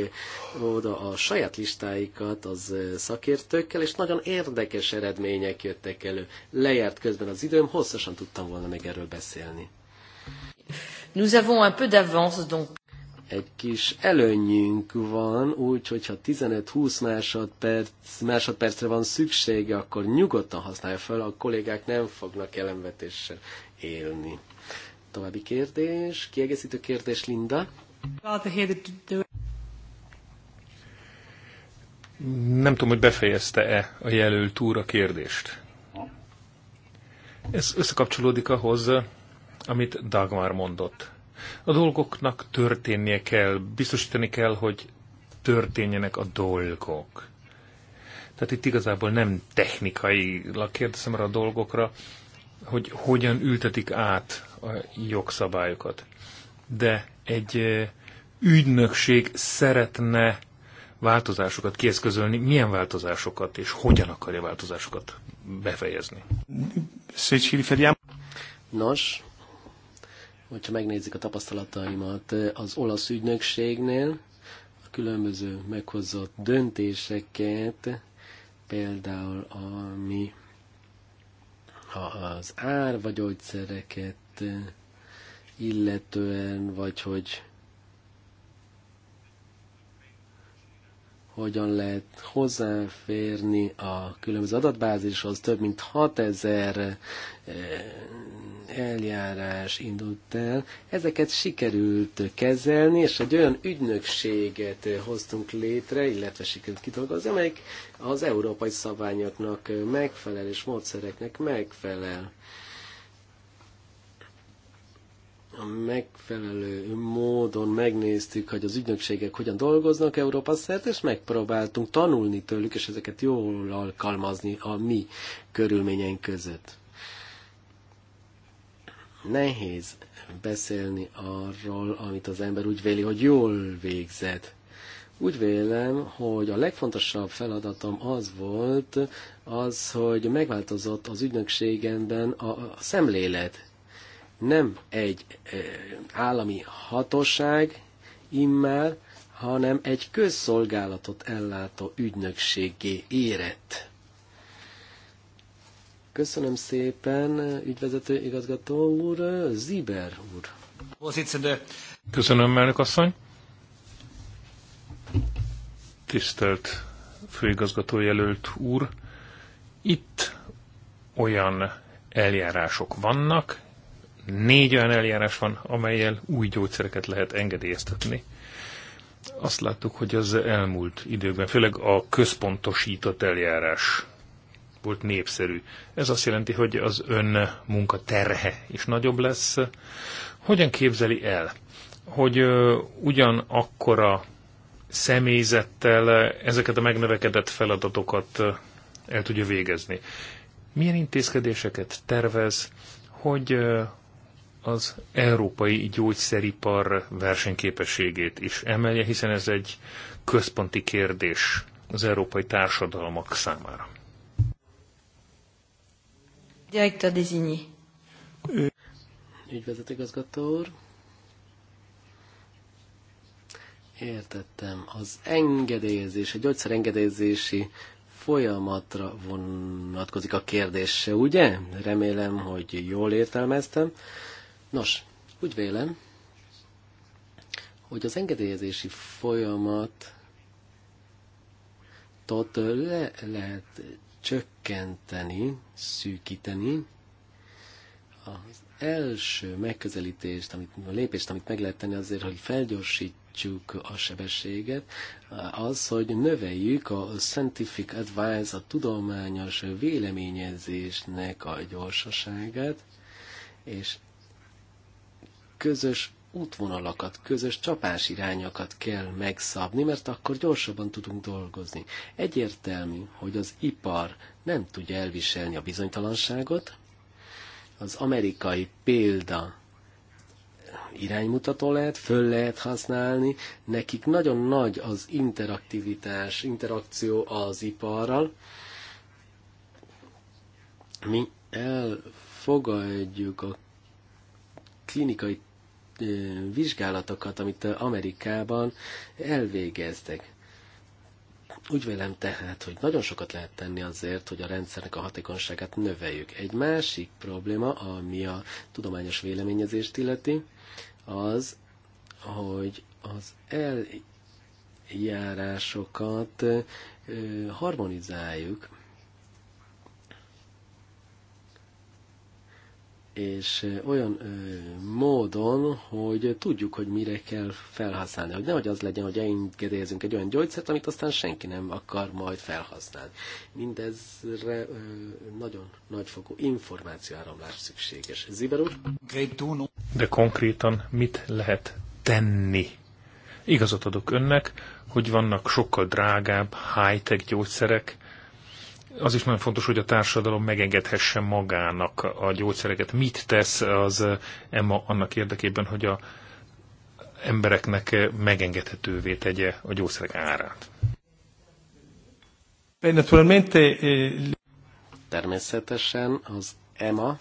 oda a saját listáikat az szakértőkkel, és nagyon érdekes eredmények jöttek elő. Lejárt közben az időm, hosszasan tudtam volna meg erről beszélni. Nous avons un peu d'avance, donc egy kis előnyünk van, úgy, hogyha 15-20 másodperc, másodpercre van szüksége, akkor nyugodtan használja fel, a kollégák nem fognak elemvetéssel élni. További kérdés, kiegészítő kérdés, Linda. Nem tudom, hogy befejezte-e a jelölt úr a kérdést. Ez összekapcsolódik ahhoz, amit Dagmar mondott. A dolgoknak történnie kell, biztosítani kell, hogy történjenek a dolgok. Tehát itt igazából nem technikailag kérdezem arra a dolgokra, hogy hogyan ültetik át a jogszabályokat. De egy ügynökség szeretne változásokat kieszközölni, milyen változásokat és hogyan akarja változásokat befejezni. Nos, hogyha megnézzük a tapasztalataimat az olasz ügynökségnél, a különböző meghozott döntéseket, például ami ha az ár vagy gyógyszereket illetően, vagy hogy hogyan lehet hozzáférni a különböző adatbázishoz. Több mint 6000 eljárás indult el. Ezeket sikerült kezelni, és egy olyan ügynökséget hoztunk létre, illetve sikerült kidolgozni, amelyik az európai szabályoknak megfelel és módszereknek megfelel. A megfelelő módon megnéztük, hogy az ügynökségek hogyan dolgoznak Európa szerte, és megpróbáltunk tanulni tőlük, és ezeket jól alkalmazni a mi körülményeink között. Nehéz beszélni arról, amit az ember úgy véli, hogy jól végzett. Úgy vélem, hogy a legfontosabb feladatom az volt, az, hogy megváltozott az ügynökségemben a szemlélet. Nem egy e, állami hatóság immár, hanem egy közszolgálatot ellátó ügynökségé érett. Köszönöm szépen, ügyvezető igazgató úr, Ziber úr. Köszönöm, elnök asszony. Tisztelt főigazgató jelölt úr, itt olyan eljárások vannak, négy olyan eljárás van, amelyel új gyógyszereket lehet engedélyeztetni. Azt láttuk, hogy az elmúlt időben főleg a központosított eljárás volt népszerű. Ez azt jelenti, hogy az ön munka terhe is nagyobb lesz. Hogyan képzeli el, hogy ugyanakkora személyzettel ezeket a megnövekedett feladatokat el tudja végezni? Milyen intézkedéseket tervez, hogy az európai gyógyszeripar versenyképességét is emelje, hiszen ez egy központi kérdés az európai társadalmak számára. Directeur désigné. igazgató úr. Értettem. Az engedélyezés, a gyógyszerengedélyezési folyamatra vonatkozik a kérdése, ugye? Remélem, hogy jól értelmeztem. Nos, úgy vélem, hogy az engedélyezési folyamat le lehet csökkenteni, csökkenteni, szűkíteni. Az első megközelítést, amit, a lépést, amit meg lehet tenni azért, hogy felgyorsítsuk a sebességet, az, hogy növeljük a scientific advice, a tudományos véleményezésnek a gyorsaságát, és közös útvonalakat, közös csapás irányokat kell megszabni, mert akkor gyorsabban tudunk dolgozni. Egyértelmű, hogy az ipar nem tudja elviselni a bizonytalanságot. Az amerikai példa iránymutató lehet, föl lehet használni, nekik nagyon nagy az interaktivitás, interakció az iparral. Mi elfogadjuk a klinikai vizsgálatokat, amit Amerikában elvégeztek. Úgy vélem tehát, hogy nagyon sokat lehet tenni azért, hogy a rendszernek a hatékonyságát növeljük. Egy másik probléma, ami a tudományos véleményezést illeti, az, hogy az eljárásokat harmonizáljuk, és olyan ö, módon, hogy tudjuk, hogy mire kell felhasználni. Hogy nehogy az legyen, hogy engedélyezünk egy olyan gyógyszert, amit aztán senki nem akar majd felhasználni. Mindezre ö, nagyon nagyfokú információáramlás szükséges. Ziber úr? De konkrétan mit lehet tenni? Igazat adok önnek, hogy vannak sokkal drágább high-tech gyógyszerek, az is nagyon fontos, hogy a társadalom megengedhesse magának a gyógyszereket. Mit tesz az EMA annak érdekében, hogy a embereknek megengedhetővé tegye a gyógyszerek árát? Eh, Természetesen az EMA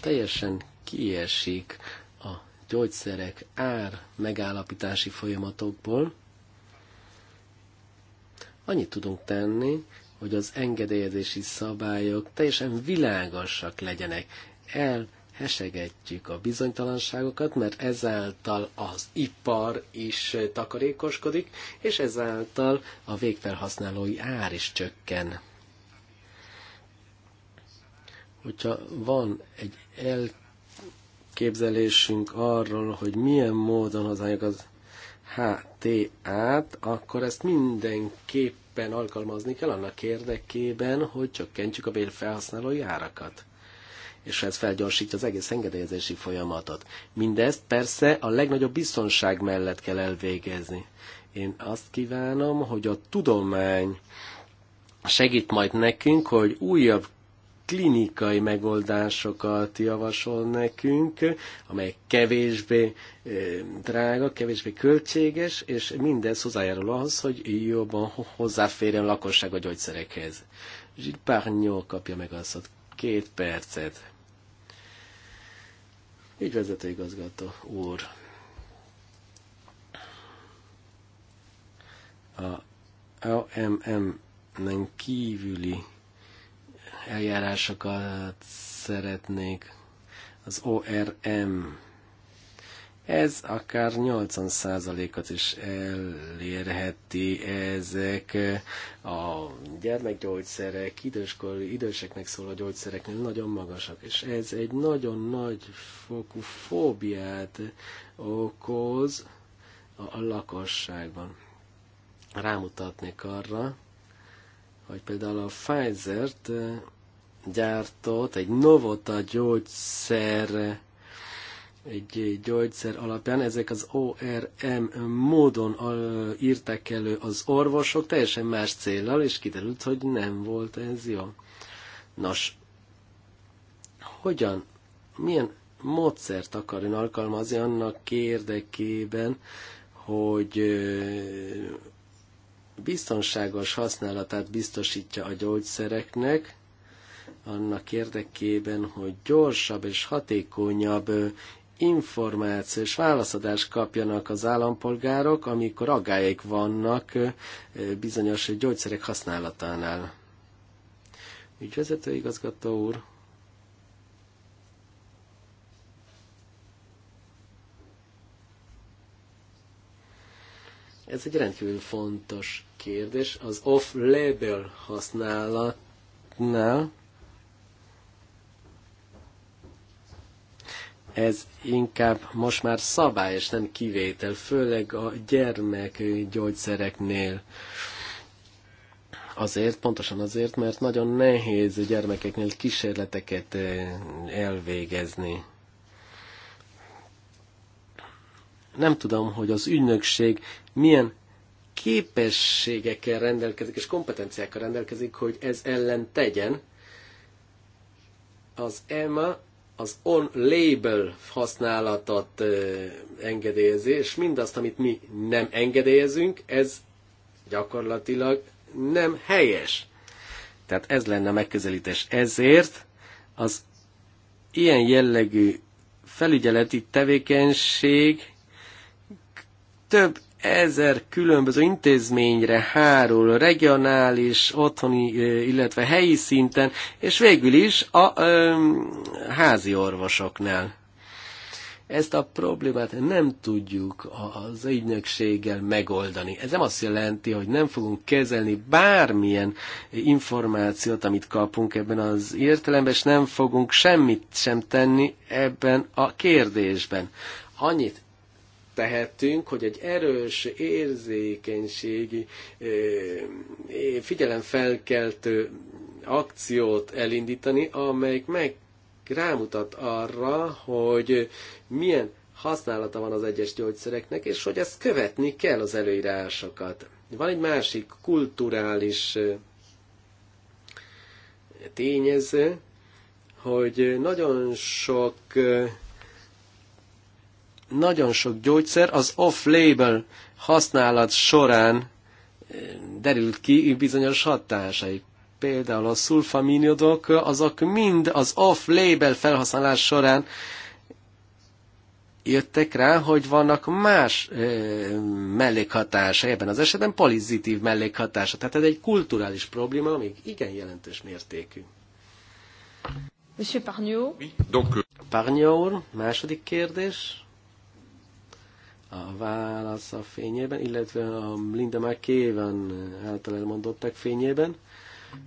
teljesen kiesik a gyógyszerek ár megállapítási folyamatokból. Annyit tudunk tenni, hogy az engedélyezési szabályok teljesen világosak legyenek. El hesegetjük a bizonytalanságokat, mert ezáltal az ipar is takarékoskodik, és ezáltal a végfelhasználói ár is csökken. Hogyha van egy elképzelésünk arról, hogy milyen módon hozzájuk az HTA-t, akkor ezt mindenképp mindenképpen alkalmazni kell annak érdekében, hogy csökkentjük a bérfelhasználói árakat és ez felgyorsítja az egész engedélyezési folyamatot. Mindezt persze a legnagyobb biztonság mellett kell elvégezni. Én azt kívánom, hogy a tudomány segít majd nekünk, hogy újabb klinikai megoldásokat javasol nekünk, amely kevésbé drága, kevésbé költséges, és mindez hozzájárul ahhoz, hogy jobban hozzáférjen a lakosság a gyógyszerekhez. Gilles kapja meg azt, két percet. vezető igazgató úr. A omm nek kívüli eljárásokat szeretnék az ORM. Ez akár 80%-ot is elérheti ezek a gyermekgyógyszerek, időskor, időseknek szóló gyógyszereknél nagyon magasak, és ez egy nagyon nagy fokú fóbiát okoz a lakosságban. Rámutatnék arra, hogy például a Pfizer-t gyártott egy Novota gyógyszer egy gyógyszer alapján, ezek az ORM módon írtak elő az orvosok, teljesen más célral, és kiderült, hogy nem volt ez jó. Nos, hogyan, milyen módszert akar ön alkalmazni annak érdekében, hogy biztonságos használatát biztosítja a gyógyszereknek, annak érdekében, hogy gyorsabb és hatékonyabb információs válaszadást kapjanak az állampolgárok, amikor aggályek vannak bizonyos gyógyszerek használatánál. Ügyvezető igazgató úr. Ez egy rendkívül fontos kérdés. Az off-label használatnál ez inkább most már szabály és nem kivétel, főleg a gyermekgyógyszereknél. Azért, pontosan azért, mert nagyon nehéz gyermekeknél kísérleteket eh, elvégezni. Nem tudom, hogy az ügynökség milyen képességekkel rendelkezik és kompetenciákkal rendelkezik, hogy ez ellen tegyen. Az EMA az on-label használatot engedélyezi, és mindazt, amit mi nem engedélyezünk, ez gyakorlatilag nem helyes. Tehát ez lenne a megközelítés. Ezért az ilyen jellegű felügyeleti tevékenység több ezer különböző intézményre hárul, regionális, otthoni, illetve helyi szinten, és végül is a ö, házi orvosoknál. Ezt a problémát nem tudjuk az ügynökséggel megoldani. Ez nem azt jelenti, hogy nem fogunk kezelni bármilyen információt, amit kapunk ebben az értelemben, és nem fogunk semmit sem tenni ebben a kérdésben. Annyit tehetünk, hogy egy erős érzékenységi, figyelemfelkeltő akciót elindítani, amelyik meg rámutat arra, hogy milyen használata van az egyes gyógyszereknek, és hogy ezt követni kell az előírásokat. Van egy másik kulturális tényező, hogy nagyon sok nagyon sok gyógyszer az off-label használat során eh, derült ki bizonyos hatásai, Például a szulfaminidok, azok mind az off-label felhasználás során jöttek rá, hogy vannak más ö, eh, mellékhatása, ebben az esetben pozitív mellékhatása. Tehát ez egy kulturális probléma, amíg igen jelentős mértékű. Monsieur Parnyó. Euh, Parnio úr, második kérdés a válasz a fényében, illetve a Linda McKéven által elmondottak fényében.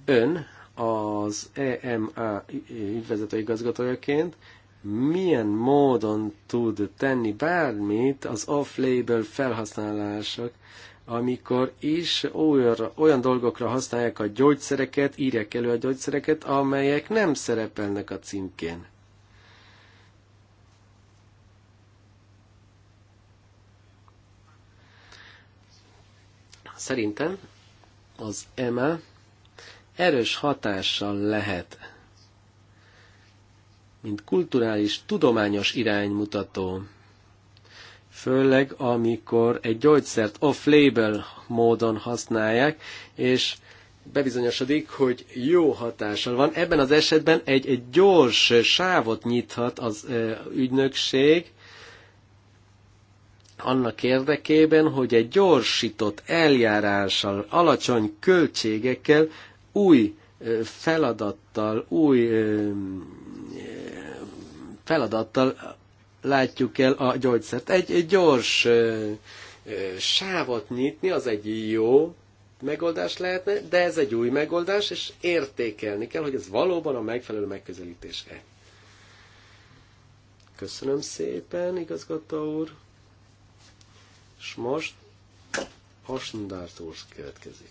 Ön az EMA ügyvezető igazgatójaként milyen módon tud tenni bármit az off-label felhasználások, amikor is olyan, olyan dolgokra használják a gyógyszereket, írják elő a gyógyszereket, amelyek nem szerepelnek a címkén. Szerintem az EMA erős hatással lehet, mint kulturális, tudományos iránymutató. Főleg, amikor egy gyógyszert off-label módon használják, és bebizonyosodik, hogy jó hatással van. Ebben az esetben egy, egy gyors sávot nyithat az ügynökség, annak érdekében, hogy egy gyorsított eljárással, alacsony költségekkel, új feladattal, új feladattal látjuk el a gyógyszert. Egy, egy gyors sávot nyitni az egy jó megoldás lehetne, de ez egy új megoldás, és értékelni kell, hogy ez valóban a megfelelő megközelítés-e. Köszönöm szépen, igazgató úr. És most Hossendárt következik. következik.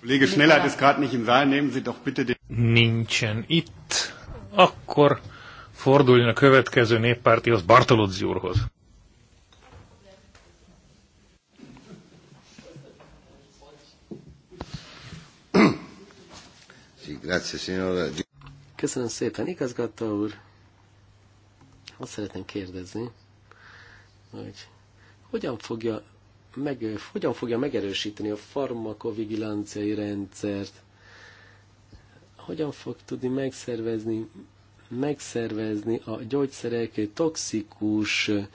Kollege Schnellert ist gerade nicht im Saal, nehmen Sie doch bitte den... Nincsen itt. Akkor forduljon a következő néppártihoz, Bartolozzi úrhoz. Köszönöm szépen, igazgató úr. Azt szeretném kérdezni, hogy hogyan fogja, meg, hogyan fogja megerősíteni a farmakovigilanciai rendszert, hogyan fog tudni megszervezni, megszervezni a gyógyszerek toxikus eh,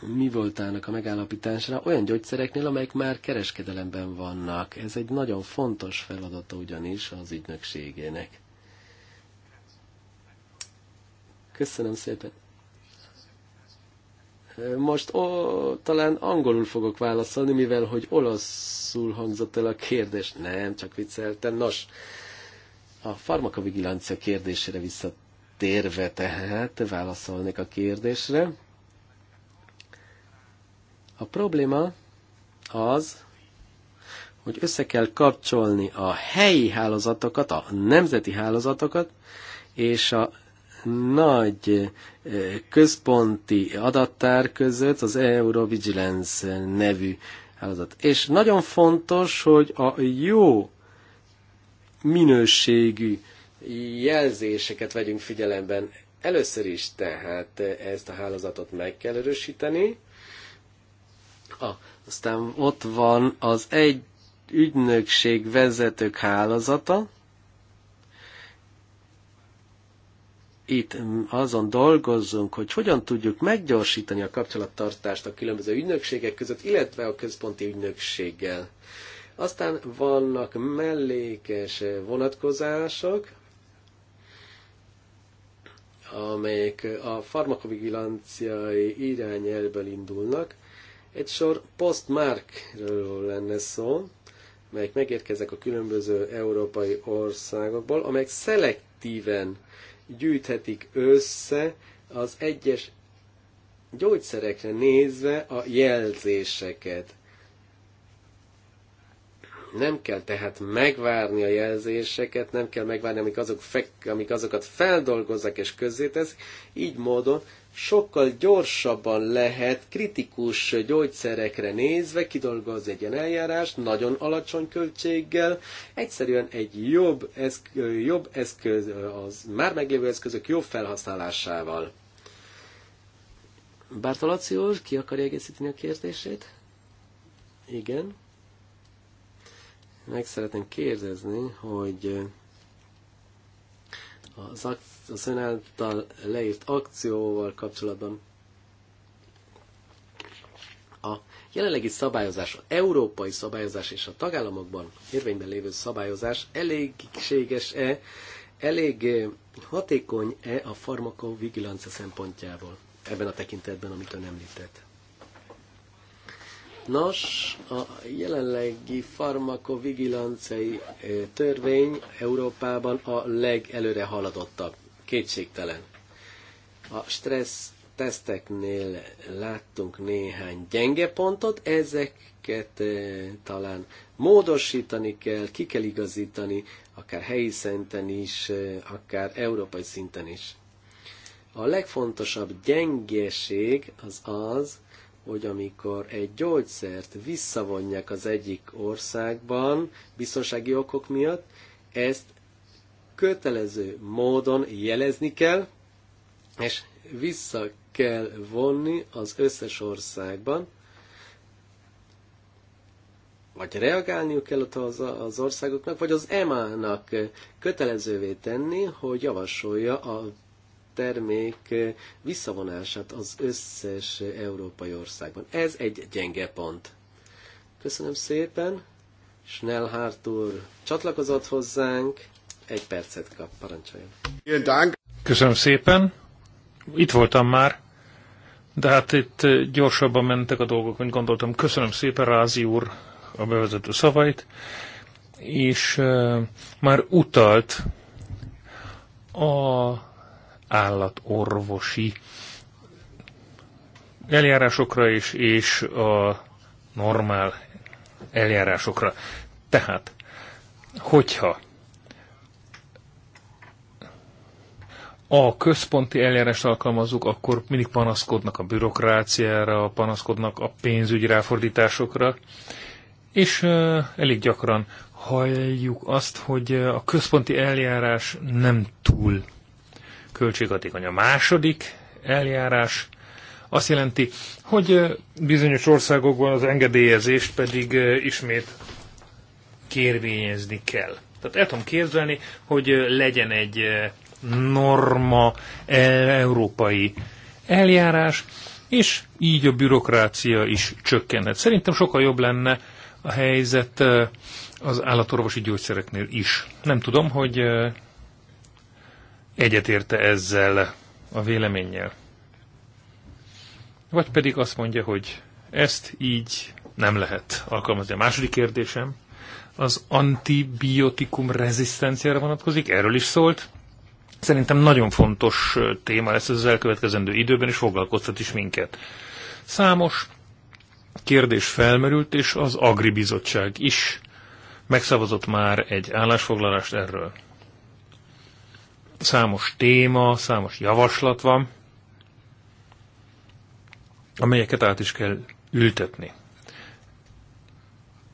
mi voltának a megállapításra olyan gyógyszereknél, amelyek már kereskedelemben vannak. Ez egy nagyon fontos feladata ugyanis az ügynökségének. Köszönöm szépen. Most ó, talán angolul fogok válaszolni, mivel hogy olaszul hangzott el a kérdés. Nem, csak vicceltem. Nos, a farmakovigilancia kérdésére visszatérve tehát válaszolnék a kérdésre. A probléma az, hogy össze kell kapcsolni a helyi hálózatokat, a nemzeti hálózatokat, és a nagy eh, központi adattár között az Eurovigilance nevű hálózat. És nagyon fontos, hogy a jó minőségű jelzéseket vegyünk figyelemben. Először is tehát ezt a hálózatot meg kell erősíteni. Ah, aztán ott van az egy ügynökség vezetők hálózata, itt azon dolgozzunk, hogy hogyan tudjuk meggyorsítani a kapcsolattartást a különböző ügynökségek között, illetve a központi ügynökséggel. Aztán vannak mellékes vonatkozások, amelyek a farmakovigilanciai irányelből indulnak. Egy sor postmarkról lenne szó, melyek megérkeznek a különböző európai országokból, amelyek szelektíven gyűjthetik össze az egyes gyógyszerekre nézve a jelzéseket. Nem kell tehát megvárni a jelzéseket, nem kell megvárni, amik, azok amik azokat feldolgozzák és közzétesz, így módon sokkal gyorsabban lehet kritikus gyógyszerekre nézve kidolgozni egy ilyen eljárást, nagyon alacsony költséggel. Egyszerűen egy jobb, eszk- jobb eszköz, az már meglévő eszközök jobb felhasználásával. Bártalaci úr, ki akarja egészíteni a kérdését? Igen. Meg szeretném kérdezni, hogy az a szenáltal leírt akcióval kapcsolatban a jelenlegi szabályozás, az európai szabályozás és a tagállamokban érvényben lévő szabályozás elégséges-e, elég eh, hatékony-e a farmakovigilance szempontjából ebben a tekintetben, amit ön említett? Nos, a jelenlegi farmakovigilancei eh, törvény Európában a legelőre haladottabb, kétségtelen. A stressz teszteknél láttunk néhány gyenge pontot, ezeket eh, talán módosítani kell, ki kell igazítani, akár helyi szinten is, eh, akár európai szinten is. A legfontosabb gyengeség az az, hogy amikor egy gyógyszert visszavonják az egyik országban biztonsági okok miatt, ezt kötelező módon jelezni kell, és vissza kell vonni az összes országban, vagy reagálniuk kell ott az, az országoknak, vagy az EMA-nak kötelezővé tenni, hogy javasolja a termék visszavonását az összes európai országban. Ez egy gyenge pont. Köszönöm szépen. Schnellhardt úr csatlakozott hozzánk. Egy percet kap, parancsoljon. Köszönöm szépen. Itt voltam már, de hát itt gyorsabban mentek a dolgok, mint gondoltam. Köszönöm szépen Rázi úr a bevezető szavait, és uh, már utalt a állatorvosi eljárásokra is, és a normál eljárásokra. Tehát, hogyha a központi eljárást alkalmazzuk, akkor mindig panaszkodnak a bürokráciára, panaszkodnak a pénzügyi ráfordításokra, és elég gyakran halljuk azt, hogy a központi eljárás nem túl költséghatékony. A második eljárás azt jelenti, hogy bizonyos országokban az engedélyezést pedig ismét kérvényezni kell. Tehát el tudom képzelni, hogy legyen egy norma európai eljárás, és így a bürokrácia is csökkenhet. Szerintem sokkal jobb lenne a helyzet az állatorvosi gyógyszereknél is. Nem tudom, hogy egyetérte ezzel a véleménnyel. Vagy pedig azt mondja, hogy ezt így nem lehet alkalmazni. A második kérdésem az antibiotikum rezisztenciára vonatkozik, erről is szólt. Szerintem nagyon fontos téma lesz ez az elkövetkezendő időben, és foglalkoztat is minket. Számos kérdés felmerült, és az Agribizottság is megszavazott már egy állásfoglalást erről számos téma, számos javaslat van, amelyeket át is kell ültetni.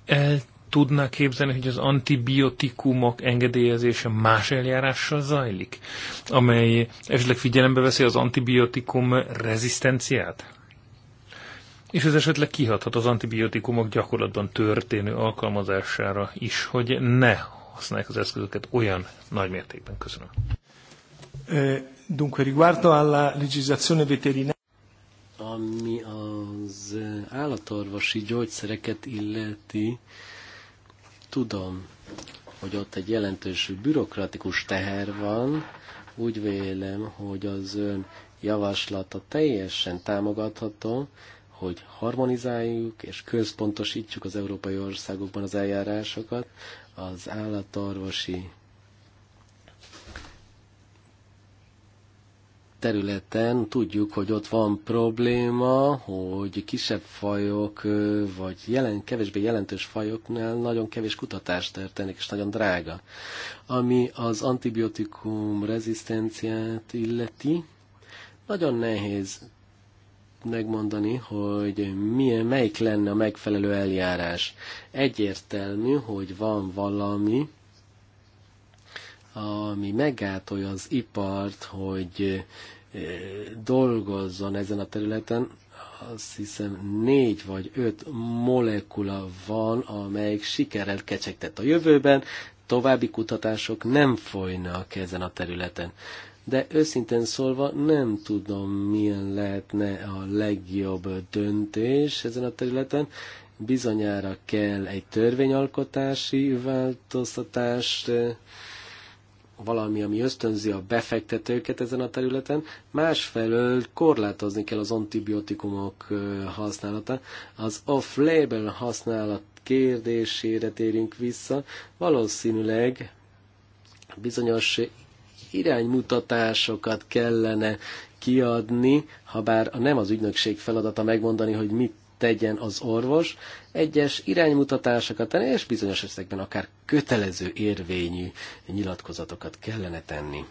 El tudná képzelni, hogy az antibiotikumok engedélyezése más eljárással zajlik, amely esetleg figyelembe veszi az antibiotikum rezisztenciát? És ez esetleg kihathat az antibiotikumok gyakorlatban történő alkalmazására is, hogy ne használják az eszközöket olyan nagymértékben. Köszönöm. Eh, dunque, riguardo alla legislazione veterinaria... Ami az eh, állatorvosi gyógyszereket illeti, tudom, hogy ott egy jelentős bürokratikus teher van, úgy vélem, hogy az ön javaslata teljesen támogatható, hogy harmonizáljuk és központosítsuk az európai országokban az eljárásokat, az állatorvosi területen tudjuk, hogy ott van probléma, hogy kisebb fajok, vagy jelen, kevésbé jelentős fajoknál nagyon kevés kutatást történik, és nagyon drága. Ami az antibiotikum rezisztenciát illeti, nagyon nehéz megmondani, hogy milyen, melyik lenne a megfelelő eljárás. Egyértelmű, hogy van valami, ami meggátolja az ipart, hogy eh, dolgozzon ezen a területen, azt hiszem négy vagy öt molekula van, amelyik sikerrel kecsegtett a jövőben, további kutatások nem folynak ezen a területen. De őszintén szólva nem tudom, milyen lehetne a legjobb döntés ezen a területen. Bizonyára kell egy törvényalkotási változtatást eh, valami, ami ösztönzi a befektetőket ezen a területen, másfelől korlátozni kell az antibiotikumok használatát. Az off-label használat kérdésére térünk vissza. Valószínűleg bizonyos iránymutatásokat kellene kiadni, ha bár nem az ügynökség feladata megmondani, hogy mit tegyen az orvos, egyes iránymutatásokat tenni, és bizonyos esetekben akár kötelező érvényű nyilatkozatokat kellene tenni.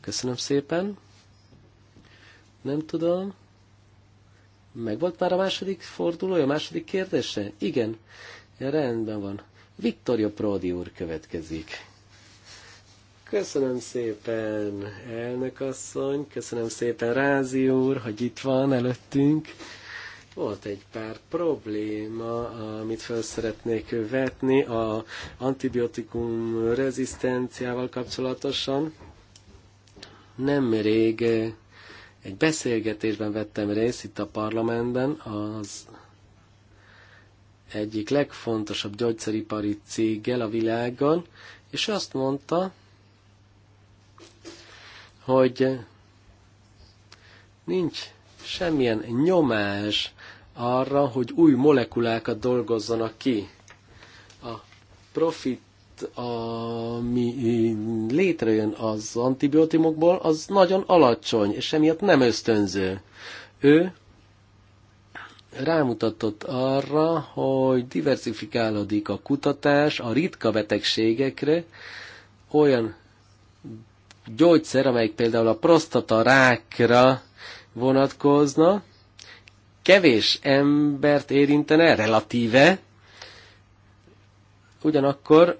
Köszönöm szépen. Nem tudom. Meg volt már a második fordulója, a második kérdése? Igen. Ja, rendben van. Viktorio Prodi úr következik. Köszönöm szépen, elnök asszony, köszönöm szépen Rázi úr, hogy itt van előttünk. Volt egy pár probléma, amit fel szeretnék vetni a antibiotikum rezisztenciával kapcsolatosan. Nemrég egy beszélgetésben vettem részt itt a parlamentben az egyik legfontosabb gyógyszeripari céggel a világon, és azt mondta, hogy nincs semmilyen nyomás arra, hogy új molekulákat dolgozzanak ki. A profit, ami létrejön az antibiotikumokból, az nagyon alacsony, és emiatt nem ösztönző. Ő rámutatott arra, hogy diversifikálódik a kutatás a ritka betegségekre, olyan gyógyszer, amelyik például a prostata rákra vonatkozna, kevés embert érintene, relatíve, ugyanakkor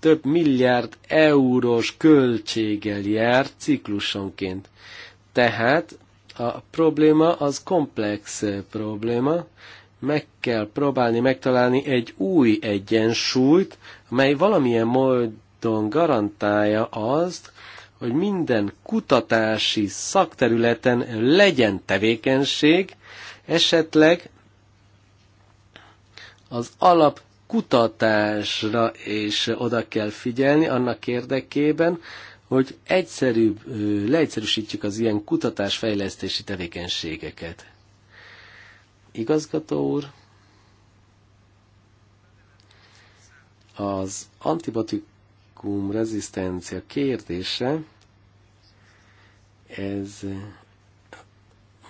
több milliárd eurós költséggel jár ciklusonként. Tehát a probléma az komplex probléma, meg kell próbálni megtalálni egy új egyensúlyt, mely valamilyen mód, módon garantálja azt, hogy minden kutatási szakterületen legyen tevékenység, esetleg az alap kutatásra és oda kell figyelni annak érdekében, hogy egyszerűbb, leegyszerűsítjük az ilyen kutatásfejlesztési tevékenységeket. Igazgató úr, az antibiotik antimikrobikum rezisztencia kérdése, ez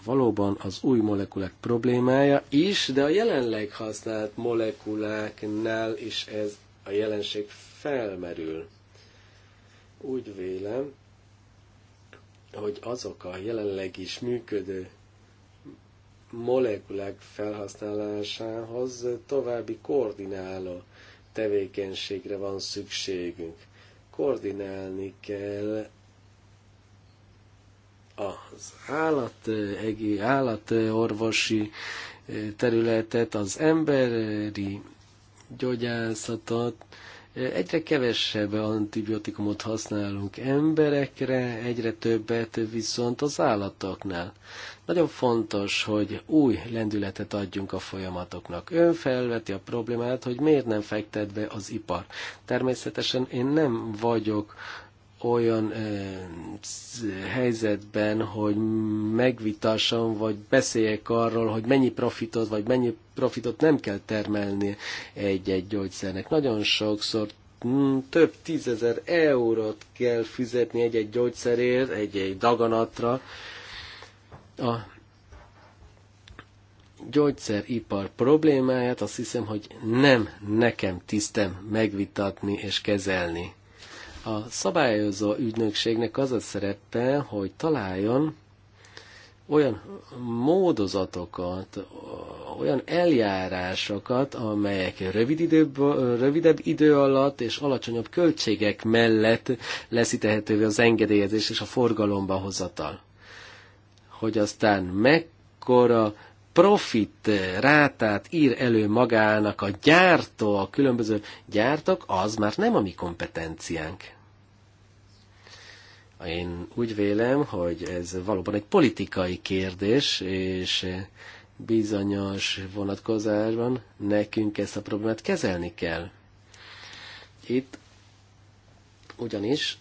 valóban az új molekulák problémája is, de a jelenleg használt molekuláknál is ez a jelenség felmerül. Úgy vélem, hogy azok a jelenleg is működő molekulák felhasználásához további koordináló tevékenységre van szükségünk. Koordinálni kell az állat, állatorvosi eh, területet, az emberi gyógyászatot, Egyre kevesebb antibiotikumot használunk emberekre, egyre többet viszont az állatoknál. Nagyon fontos, hogy új lendületet adjunk a folyamatoknak. Ön felveti a problémát, hogy miért nem fektet be az ipar. Természetesen én nem vagyok olyan helyzetben, hogy megvitassam, vagy beszéljek arról, hogy mennyi profitot, vagy mennyi profitot nem kell termelni egy-egy gyógyszernek. Nagyon sokszor mm, több tízezer eurót kell fizetni egy-egy gyógyszerért, egy-egy daganatra. A gyógyszeripar problémáját azt hiszem, hogy nem nekem tisztem megvitatni és kezelni a szabályozó ügynökségnek az a szerepe, hogy találjon olyan módozatokat, olyan eljárásokat, amelyek rövid időbb, rövidebb idő alatt és alacsonyabb költségek mellett leszítehetővé az engedélyezés és a forgalomba hozatal. Hogy aztán mekkora profit rátát ír elő magának a gyártó, a különböző gyártok, az már nem a mi kompetenciánk. Én úgy vélem, hogy ez valóban egy politikai kérdés, és bizonyos vonatkozásban nekünk ezt a problémát kezelni kell. Itt ugyanis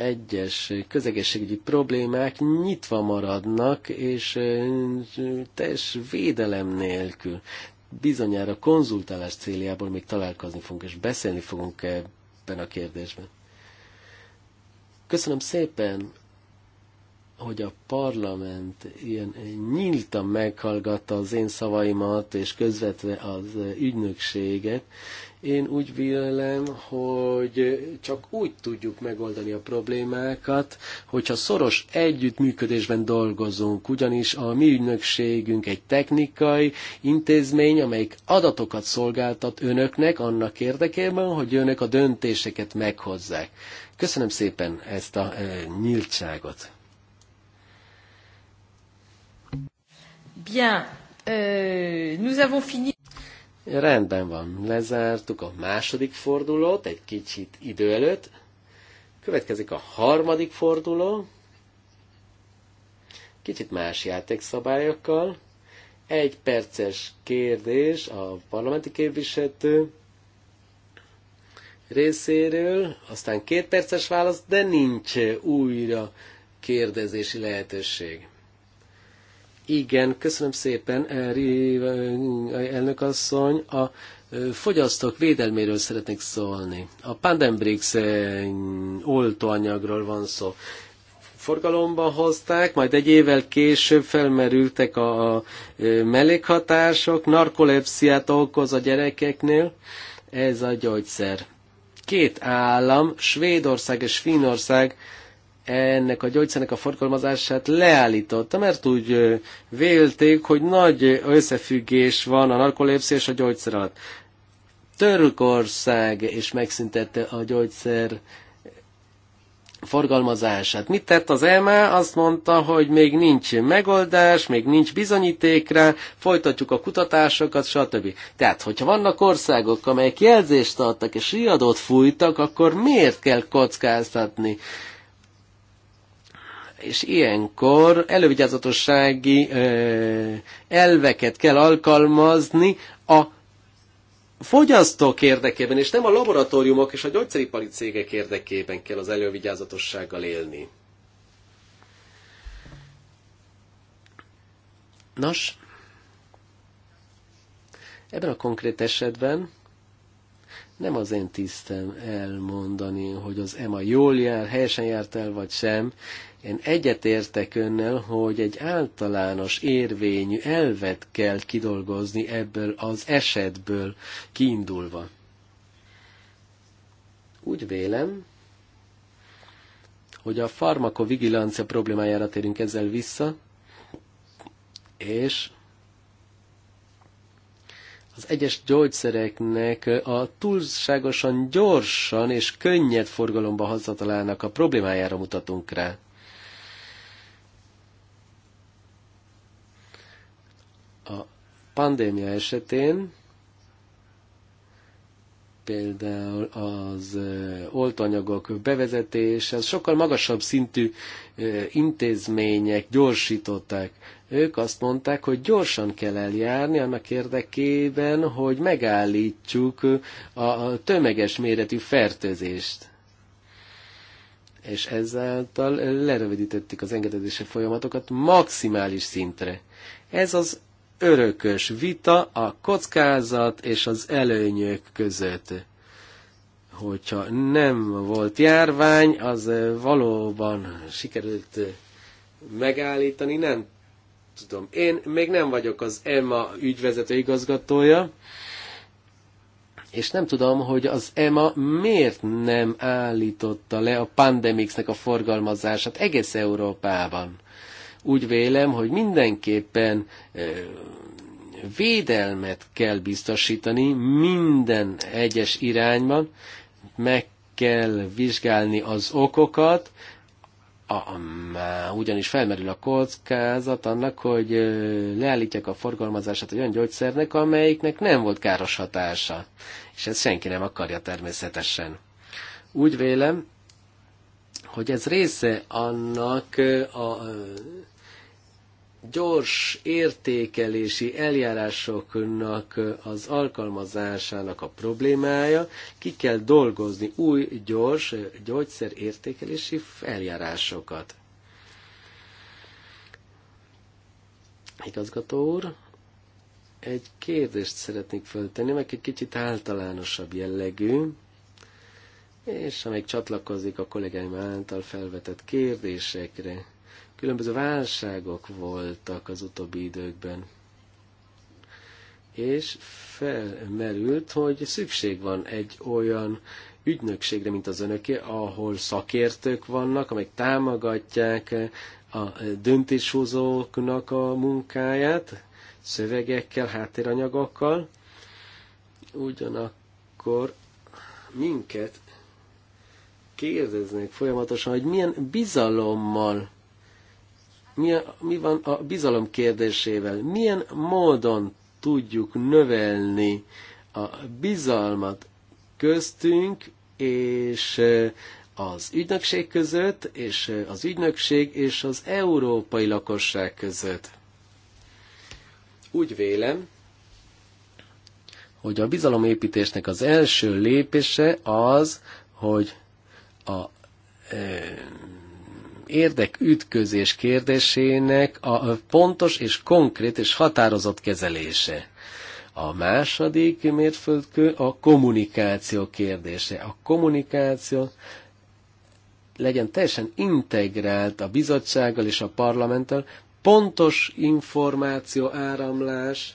egyes közegészségügyi problémák nyitva maradnak, és teljes védelem nélkül bizonyára konzultálás céljából még találkozni fogunk, és beszélni fogunk ebben a kérdésben. Köszönöm szépen, hogy a parlament ilyen nyíltan meghallgatta az én szavaimat, és közvetve az ügynökséget, én úgy vélem, hogy csak úgy tudjuk megoldani a problémákat, hogyha szoros együttműködésben dolgozunk, ugyanis a mi ügynökségünk egy technikai intézmény, amelyik adatokat szolgáltat önöknek annak érdekében, hogy önök a döntéseket meghozzák. Köszönöm szépen ezt a e, nyíltságot. Bien, euh, nous avons fini. Rendben van, lezártuk a második fordulót egy kicsit idő előtt. Következik a harmadik forduló, kicsit más játékszabályokkal. Egy perces kérdés a parlamenti képviselő részéről, aztán két perces válasz, de nincs újra kérdezési lehetőség. Igen, köszönöm szépen, eh, elnök asszony. A eh, fogyasztók védelméről szeretnék szólni. A Pandembrix eh, oltóanyagról van szó. Forgalomba hozták, majd egy évvel később felmerültek a mellékhatások, narkolepsziát okoz a gyerekeknél. Ez a gyógyszer. Két állam, Svédország és Finnország ennek a gyógyszernek a forgalmazását leállította, mert úgy vélték, hogy nagy összefüggés van a narkolépszi és a gyógyszer alatt. Törökország és megszüntette a gyógyszer forgalmazását. Mit tett az EMA? Azt mondta, hogy még nincs megoldás, még nincs bizonyítékra, folytatjuk a kutatásokat, stb. Tehát, hogyha vannak országok, amelyek jelzést adtak és riadót fújtak, akkor miért kell kockáztatni? és ilyenkor elővigyázatossági elveket kell alkalmazni a fogyasztók érdekében, és nem a laboratóriumok és a gyógyszeripari cégek érdekében kell az elővigyázatossággal élni. Nos, ebben a konkrét esetben nem az én tisztem elmondani, hogy az EMA jól jár, helyesen járt el, vagy sem. Én egyetértek önnel, hogy egy általános érvényű elvet kell kidolgozni ebből az esetből kiindulva. Úgy vélem, hogy a farmakovigilancia problémájára térünk ezzel vissza, és az egyes gyógyszereknek a túlságosan gyorsan és könnyed forgalomba hazatalálnak a problémájára mutatunk rá. A pandémia esetén például az oltanyagok bevezetése, az sokkal magasabb szintű intézmények gyorsították. Ők azt mondták, hogy gyorsan kell eljárni annak érdekében, hogy megállítsuk a tömeges méretű fertőzést. És ezáltal lerövidítették az engedezési folyamatokat maximális szintre. Ez az örökös vita a kockázat és az előnyök között. Hogyha nem volt járvány, az valóban sikerült megállítani, nem tudom. Én még nem vagyok az EMA ügyvezető igazgatója, és nem tudom, hogy az EMA miért nem állította le a Pandemixnek a forgalmazását egész Európában úgy vélem, hogy mindenképpen védelmet kell biztosítani minden egyes irányban, meg kell vizsgálni az okokat, a, a, ugyanis felmerül a kockázat annak, hogy leállítják a forgalmazását olyan gyógyszernek, amelyiknek nem volt káros hatása. És ezt senki nem akarja természetesen. Úgy vélem, hogy ez része annak a gyors értékelési eljárásoknak az alkalmazásának a problémája, ki kell dolgozni új, gyors értékelési eljárásokat. Igazgató úr, egy kérdést szeretnék föltenni, meg egy kicsit általánosabb jellegű és amelyik csatlakozik a kollégáim által felvetett kérdésekre. Különböző válságok voltak az utóbbi időkben, és felmerült, hogy szükség van egy olyan ügynökségre, mint az önöké, ahol szakértők vannak, amelyek támogatják a döntéshozóknak a munkáját, szövegekkel, háttéranyagokkal. Ugyanakkor minket kérdeznék folyamatosan, hogy milyen bizalommal, mi, a, mi van a bizalom kérdésével, milyen módon tudjuk növelni a bizalmat köztünk és az ügynökség között, és az ügynökség és az európai lakosság között. Úgy vélem, hogy a bizalomépítésnek az első lépése az, hogy a e, érdekütközés kérdésének a pontos és konkrét és határozott kezelése. A második mérföldkő a kommunikáció kérdése. A kommunikáció legyen teljesen integrált a bizottsággal és a parlamenttel, pontos információ áramlás,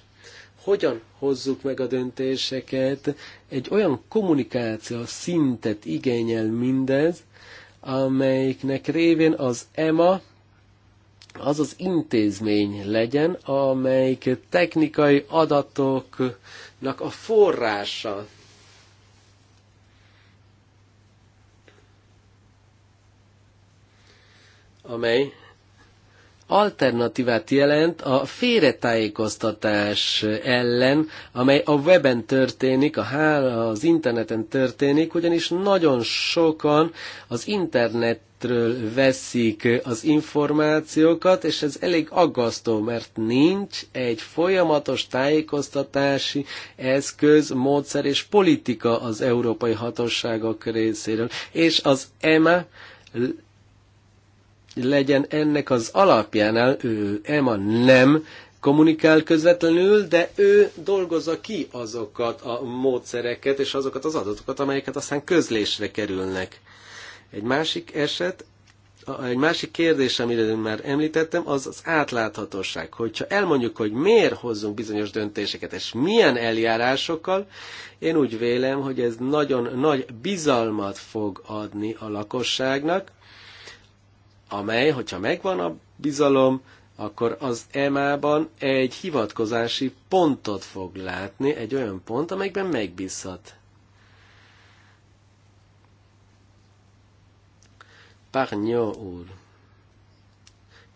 hogyan hozzuk meg a döntéseket, egy olyan kommunikáció szintet igényel mindez, amelyiknek révén az EMA az az intézmény legyen, amelyik technikai adatoknak a forrása. amely alternatívát jelent a félretájékoztatás ellen, amely a weben történik, a az interneten történik, ugyanis nagyon sokan az internet internetről veszik az információkat, és ez elég aggasztó, mert nincs egy folyamatos tájékoztatási eszköz, módszer és politika az európai hatóságok részéről. És az EMA legyen ennek az alapján, ő, Emma nem kommunikál közvetlenül, de ő dolgozza ki azokat a módszereket és azokat az adatokat, amelyeket aztán közlésre kerülnek. Egy másik eset, egy másik kérdés, amire már említettem, az az átláthatóság. Hogyha elmondjuk, hogy miért hozzunk bizonyos döntéseket, és milyen eljárásokkal, én úgy vélem, hogy ez nagyon nagy bizalmat fog adni a lakosságnak, amely, hogyha megvan a bizalom, akkor az emában egy hivatkozási pontot fog látni, egy olyan pont, amelyben megbízhat. Párnyó úr,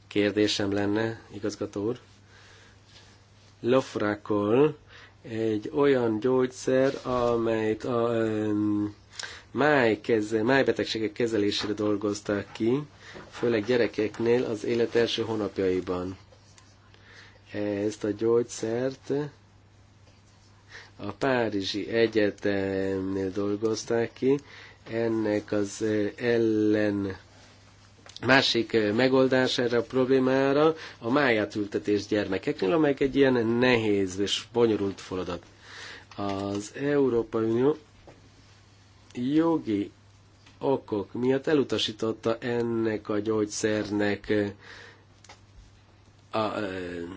kérdésem lenne, igazgató úr. Lofrakol egy olyan gyógyszer, amelyet a um, máj májbetegségek kezelésére dolgozták ki, főleg gyerekeknél az élet első hónapjaiban. Ezt a gyógyszert a Párizsi Egyetemnél dolgozták ki, ennek az eh, ellen másik eh, megoldás erre a problémára a máját ültetés gyermekeknél, amely egy ilyen nehéz és bonyolult feladat. Az Európai Unió jogi okok miatt elutasította ennek a gyógyszernek eh, eh,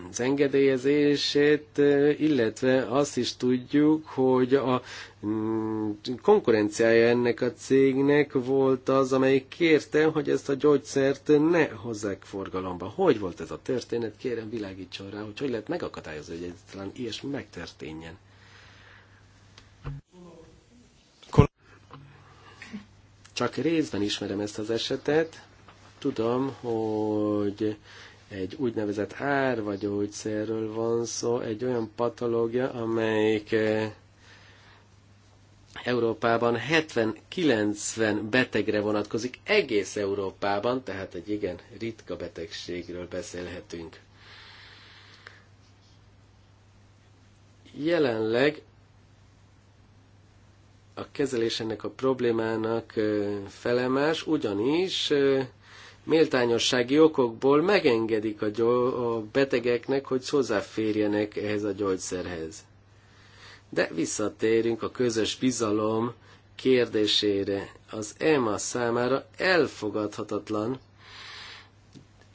az engedélyezését, eh, illetve azt is tudjuk, hogy a mm, konkurenciája ennek a cégnek volt az, amelyik kérte, hogy ezt a gyógyszert ne hozzák forgalomba. Hogy volt ez a történet? Kérem, világítson rá, hogy hogy lehet megakadályozni, hogy egyetlen, ilyesmi megtörténjen. csak részben ismerem ezt az esetet. Tudom, hogy egy úgynevezett árvagyógyszerről van szó, egy olyan patológia, amelyik eh, Európában 70-90 betegre vonatkozik egész Európában, tehát egy igen ritka betegségről beszélhetünk. Jelenleg a kezelés ennek a problémának felemás, ugyanis méltányossági okokból megengedik a, gyó, a betegeknek, hogy hozzáférjenek ehhez a gyógyszerhez. De visszatérünk a közös bizalom kérdésére. Az EMA számára elfogadhatatlan,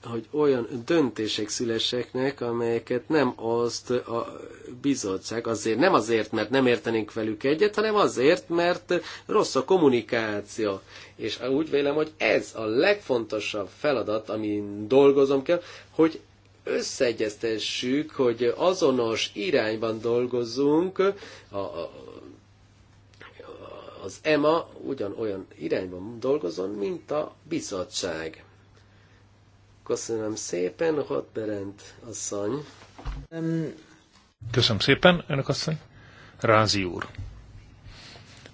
hogy olyan döntések szüleseknek, amelyeket nem azt a bizottság azért, nem azért, mert nem értenénk velük egyet, hanem azért, mert rossz a kommunikáció. És úgy vélem, hogy ez a legfontosabb feladat, amin dolgozom kell, hogy összeegyeztessük, hogy azonos irányban dolgozzunk, a, a, az EMA ugyanolyan irányban dolgozon, mint a bizottság. Köszönöm szépen, hat Berend asszony. Um, Köszönöm szépen, önök asszony. Rázi úr.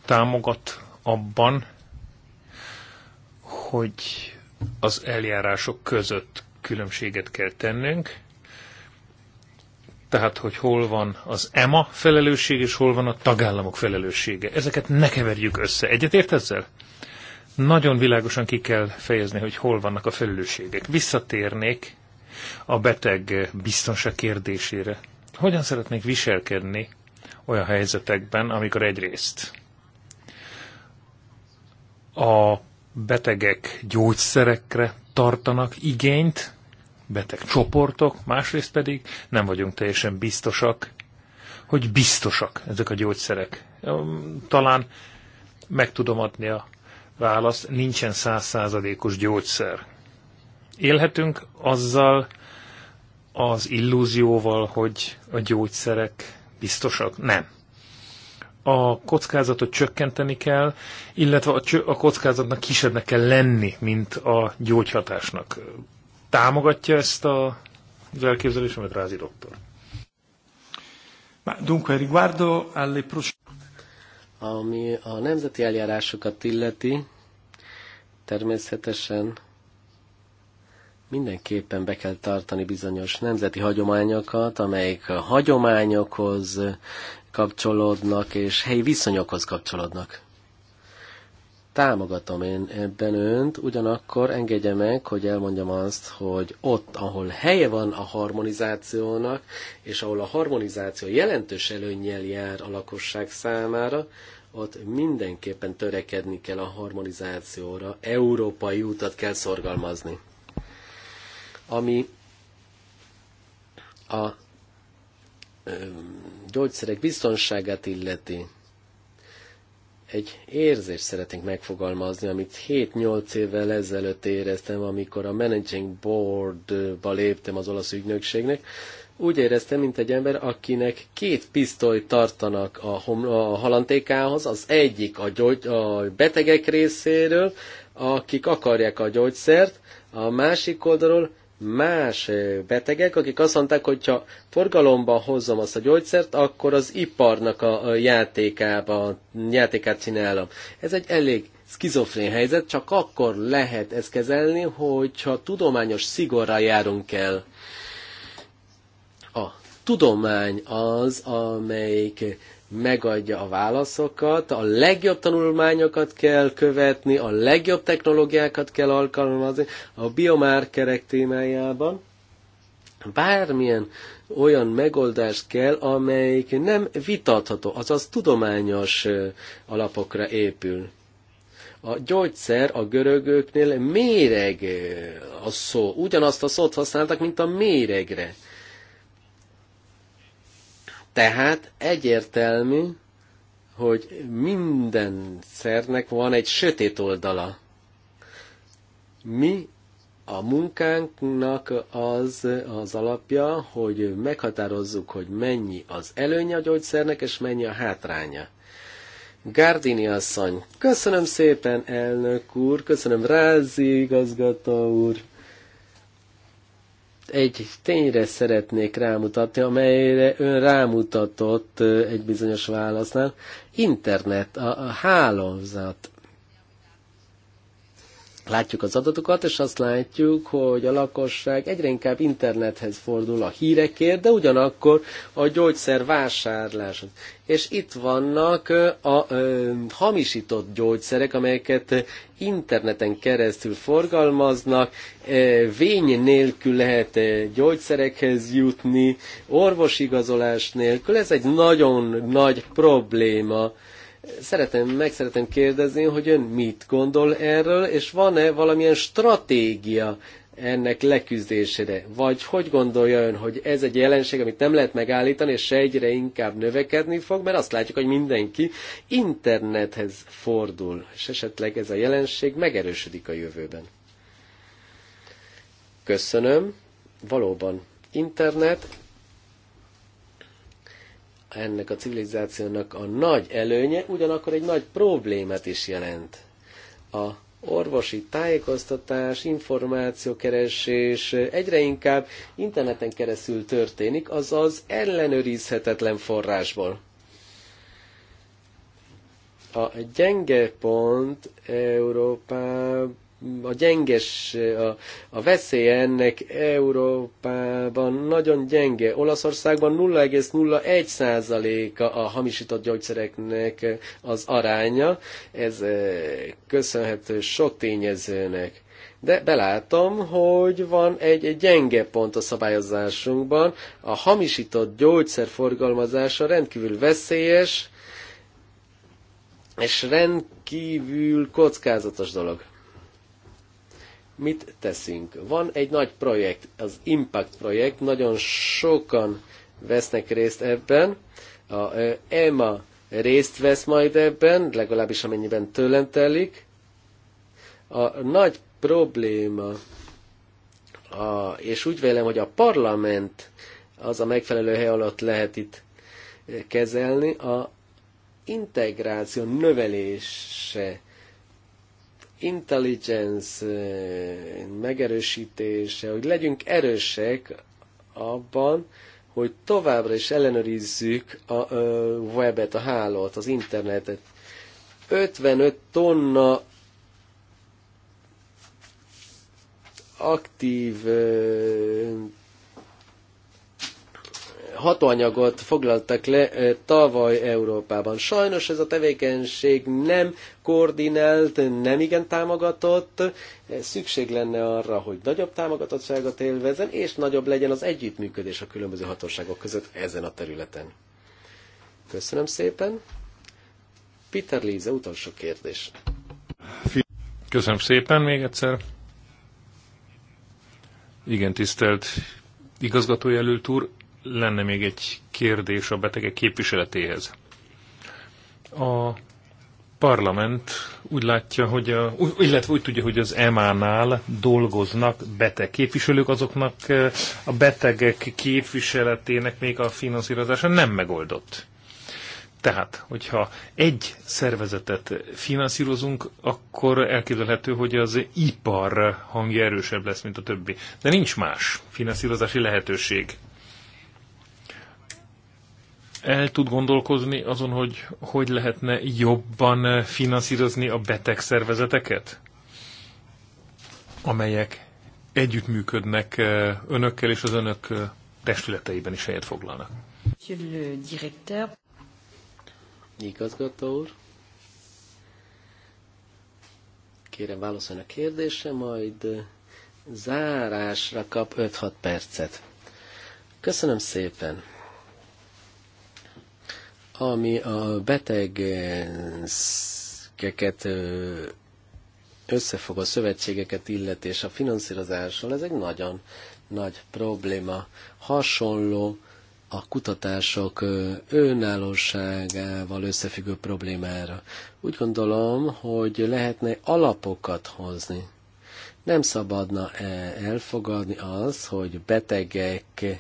Támogat abban, hogy az eljárások között különbséget kell tennünk, tehát hogy hol van az EMA felelősség, és hol van a tagállamok felelőssége. Ezeket ne keverjük össze. Egyetért ezzel? nagyon világosan ki kell fejezni, hogy hol vannak a felelősségek. Visszatérnék a beteg biztonság kérdésére. Hogyan szeretnék viselkedni olyan helyzetekben, amikor egyrészt a betegek gyógyszerekre tartanak igényt, beteg csoportok, másrészt pedig nem vagyunk teljesen biztosak, hogy biztosak ezek a gyógyszerek. Talán meg tudom adni a válasz, nincsen százszázadékos gyógyszer. Élhetünk azzal az illúzióval, hogy a gyógyszerek biztosak? Nem. A kockázatot csökkenteni kell, illetve a kockázatnak kisebbnek kell lenni, mint a gyógyhatásnak. Támogatja ezt a, elképzelésemet, Rázi doktor? Ma dunque, riguardo alle ami a nemzeti eljárásokat illeti, természetesen mindenképpen be kell tartani bizonyos nemzeti hagyományokat, amelyek a hagyományokhoz kapcsolódnak, és helyi viszonyokhoz kapcsolódnak támogatom én ebben önt, ugyanakkor engedje meg, hogy elmondjam azt, hogy ott, ahol helye van a harmonizációnak, és ahol a harmonizáció jelentős előnnyel jár a lakosság számára, ott mindenképpen törekedni kell a harmonizációra, európai útat kell szorgalmazni. Ami a gyógyszerek biztonságát illeti, egy érzést szeretnék megfogalmazni, amit 7-8 évvel ezelőtt éreztem, amikor a Managing Board-ba léptem az olasz ügynökségnek. Úgy éreztem, mint egy ember, akinek két pisztolyt tartanak a, a halantékához, az egyik a, gyógy, a betegek részéről, akik akarják a gyógyszert, a másik oldalról más betegek, akik azt mondták, hogy ha forgalomba hozzam azt a gyógyszert, akkor az iparnak a játékába, játékát csinálom. Ez egy elég skizofrén helyzet, csak akkor lehet ezt kezelni, hogyha tudományos szigorral járunk el. A tudomány az, amelyik megadja a válaszokat, a legjobb tanulmányokat kell követni, a legjobb technológiákat kell alkalmazni a biomárkerek témájában. Bármilyen olyan megoldás kell, amelyik nem vitatható, azaz tudományos alapokra épül. A gyógyszer a görögöknél méreg a szó. Ugyanazt a szót használtak, mint a méregre. Tehát egyértelmű, hogy minden szernek van egy sötét oldala. Mi a munkánknak az az alapja, hogy meghatározzuk, hogy mennyi az előnye a gyógyszernek, és mennyi a hátránya. Gárdini asszony, köszönöm szépen, elnök úr, köszönöm Rázi igazgató úr egy tényre szeretnék rámutatni, amelyre ön rámutatott egy bizonyos válasznál. Internet, a, a hálózat Látjuk az adatokat, és azt látjuk, hogy a lakosság egyre inkább internethez fordul a hírekért, de ugyanakkor a gyógyszer vásárlás. És itt vannak a hamisított gyógyszerek, amelyeket interneten keresztül forgalmaznak, vény nélkül lehet gyógyszerekhez jutni, orvosigazolás nélkül. Ez egy nagyon nagy probléma Szeretem meg szeretem kérdezni, hogy ön mit gondol erről, és van-e valamilyen stratégia ennek leküzdésére? Vagy hogy gondolja ön, hogy ez egy jelenség, amit nem lehet megállítani, és egyre inkább növekedni fog, mert azt látjuk, hogy mindenki internethez fordul, és esetleg ez a jelenség megerősödik a jövőben. Köszönöm. Valóban internet ennek a civilizációnak a nagy előnye, ugyanakkor egy nagy problémát is jelent. A orvosi tájékoztatás, információkeresés egyre inkább interneten keresztül történik, azaz ellenőrizhetetlen forrásból. A gyenge pont Európában a gyenges, a, a veszély ennek Európában nagyon gyenge. Olaszországban 0,01 százaléka a hamisított gyógyszereknek az aránya. Ez eh, köszönhető sok tényezőnek. De belátom, hogy van egy, egy gyenge pont a szabályozásunkban. A hamisított gyógyszer forgalmazása rendkívül veszélyes, és rendkívül kockázatos dolog mit teszünk? Van egy nagy projekt, az Impact projekt, nagyon sokan vesznek részt ebben. A EMA részt vesz majd ebben, legalábbis amennyiben tőlem telik. A nagy probléma, a, és úgy vélem, hogy a parlament az a megfelelő hely alatt lehet itt kezelni, a integráció növelése intelligence eh, megerősítése, hogy legyünk erősek abban, hogy továbbra is ellenőrizzük a webet, a hálót, az internetet. 55 tonna aktív hatóanyagot foglaltak le tavaly Európában. Sajnos ez a tevékenység nem koordinált, nem igen támogatott. Szükség lenne arra, hogy nagyobb támogatottságot élvezzen, és nagyobb legyen az együttműködés a különböző hatóságok között ezen a területen. Köszönöm szépen. Peter Líze, utolsó kérdés. Köszönöm szépen még egyszer. Igen, tisztelt igazgatójelölt úr, lenne még egy kérdés a betegek képviseletéhez. A parlament úgy látja, hogy a, illetve úgy tudja, hogy az EMA-nál dolgoznak beteg képviselők, azoknak eh, a betegek képviseletének még a finanszírozása nem megoldott. Tehát, hogyha egy szervezetet finanszírozunk, akkor elképzelhető, hogy az ipar hangja erősebb lesz, mint a többi. De nincs más finanszírozási lehetőség el tud gondolkozni azon, hogy hogy lehetne jobban finanszírozni a beteg szervezeteket, amelyek együttműködnek eh, önökkel és az önök eh, testületeiben is helyet foglalnak. Igazgató úr, kérem válaszolni a kérdése, majd eh, zárásra kap 5-6 percet. Köszönöm szépen! ami a betegeket eh, eh, összefog a szövetségeket illeti és a finanszírozással, ez egy nagyon nagy probléma. Hasonló a kutatások eh, önállóságával összefüggő problémára. Úgy gondolom, hogy lehetne alapokat hozni. Nem szabadna elfogadni az, hogy betegek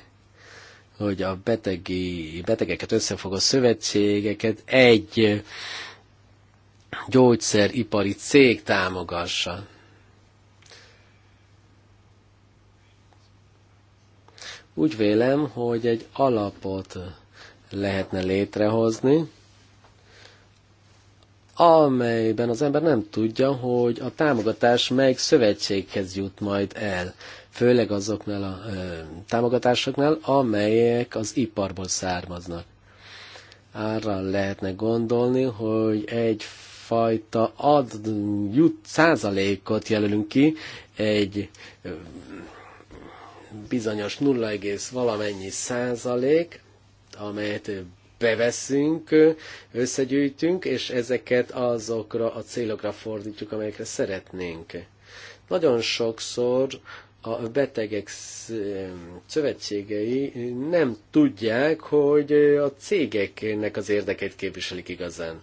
hogy a betegi, betegeket összefogó szövetségeket egy gyógyszeripari cég támogassa. Úgy vélem, hogy egy alapot lehetne létrehozni, amelyben az ember nem tudja, hogy a támogatás melyik szövetséghez jut majd el főleg azoknál a támogatásoknál, amelyek az iparból származnak. Arra lehetne gondolni, hogy egyfajta ad, jut, százalékot jelölünk ki egy bizonyos 0, valamennyi százalék, amelyet beveszünk, összegyűjtünk, és ezeket azokra a célokra fordítjuk, amelyekre szeretnénk. Nagyon sokszor a betegek szövetségei nem tudják, hogy a cégeknek az érdekeit képviselik igazán.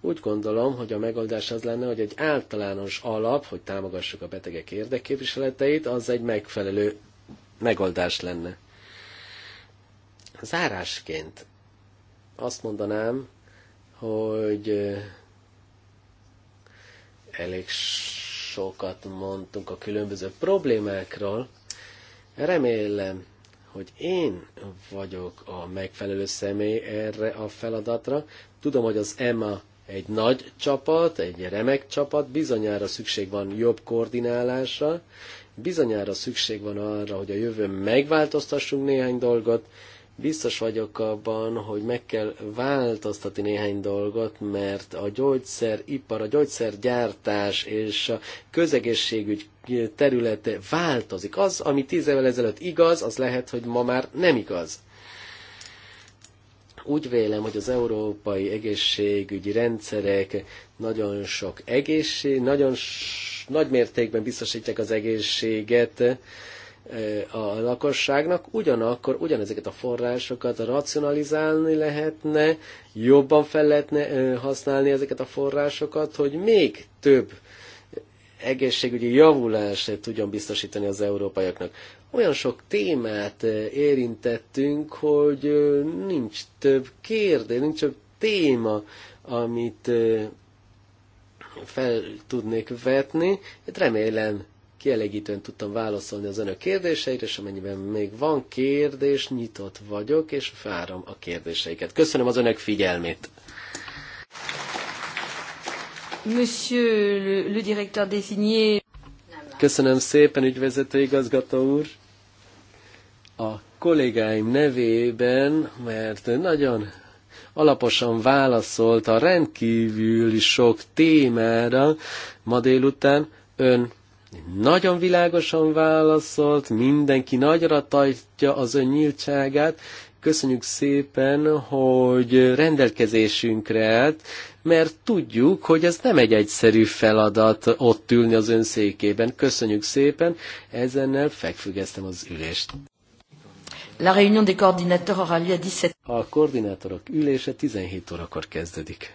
Úgy gondolom, hogy a megoldás az lenne, hogy egy általános alap, hogy támogassuk a betegek érdekképviseleteit, az egy megfelelő megoldás lenne. Zárásként azt mondanám, hogy elég sokat mondtunk a különböző problémákról. Remélem, hogy én vagyok a megfelelő személy erre a feladatra. Tudom, hogy az EMA egy nagy csapat, egy remek csapat, bizonyára szükség van jobb koordinálásra, bizonyára szükség van arra, hogy a jövőn megváltoztassunk néhány dolgot, Biztos vagyok abban, hogy meg kell változtatni néhány dolgot, mert a gyógyszeripar, a gyógyszergyártás és a közegészségügy területe változik. Az, ami tíz évvel ezelőtt igaz, az lehet, hogy ma már nem igaz úgy vélem, hogy az európai egészségügyi rendszerek nagyon sok egészség, nagyon nagy mértékben biztosítják az egészséget, Eh, a lakosságnak, ugyanakkor ugyanezeket a forrásokat racionalizálni lehetne, jobban fel lehetne eh, használni ezeket a forrásokat, hogy még több egészségügyi javulást tudjon biztosítani az európaiaknak. Olyan sok témát eh, érintettünk, hogy nincs több kérdés, nincs több téma, amit fel tudnék vetni. remélem kielégítően tudtam válaszolni az önök kérdéseire, és amennyiben még van kérdés, nyitott vagyok, és várom a kérdéseiket. Köszönöm az önök figyelmét! Monsieur le, le directeur désigné. Köszönöm szépen, ügyvezető igazgató úr! A kollégáim nevében, mert nagyon alaposan válaszolt a rendkívül sok témára ma délután, ön nagyon világosan válaszolt, mindenki nagyra tartja az ön nyíltságát, köszönjük szépen, hogy rendelkezésünkre állt, mert tudjuk, hogy ez nem egy egyszerű feladat ott ülni az ön székében. Köszönjük szépen, ezennel fekfüggesztem az ülést. La réunion des coordinateurs aura lieu à 17. A koordinátorok ülése 17 órakor kezdődik.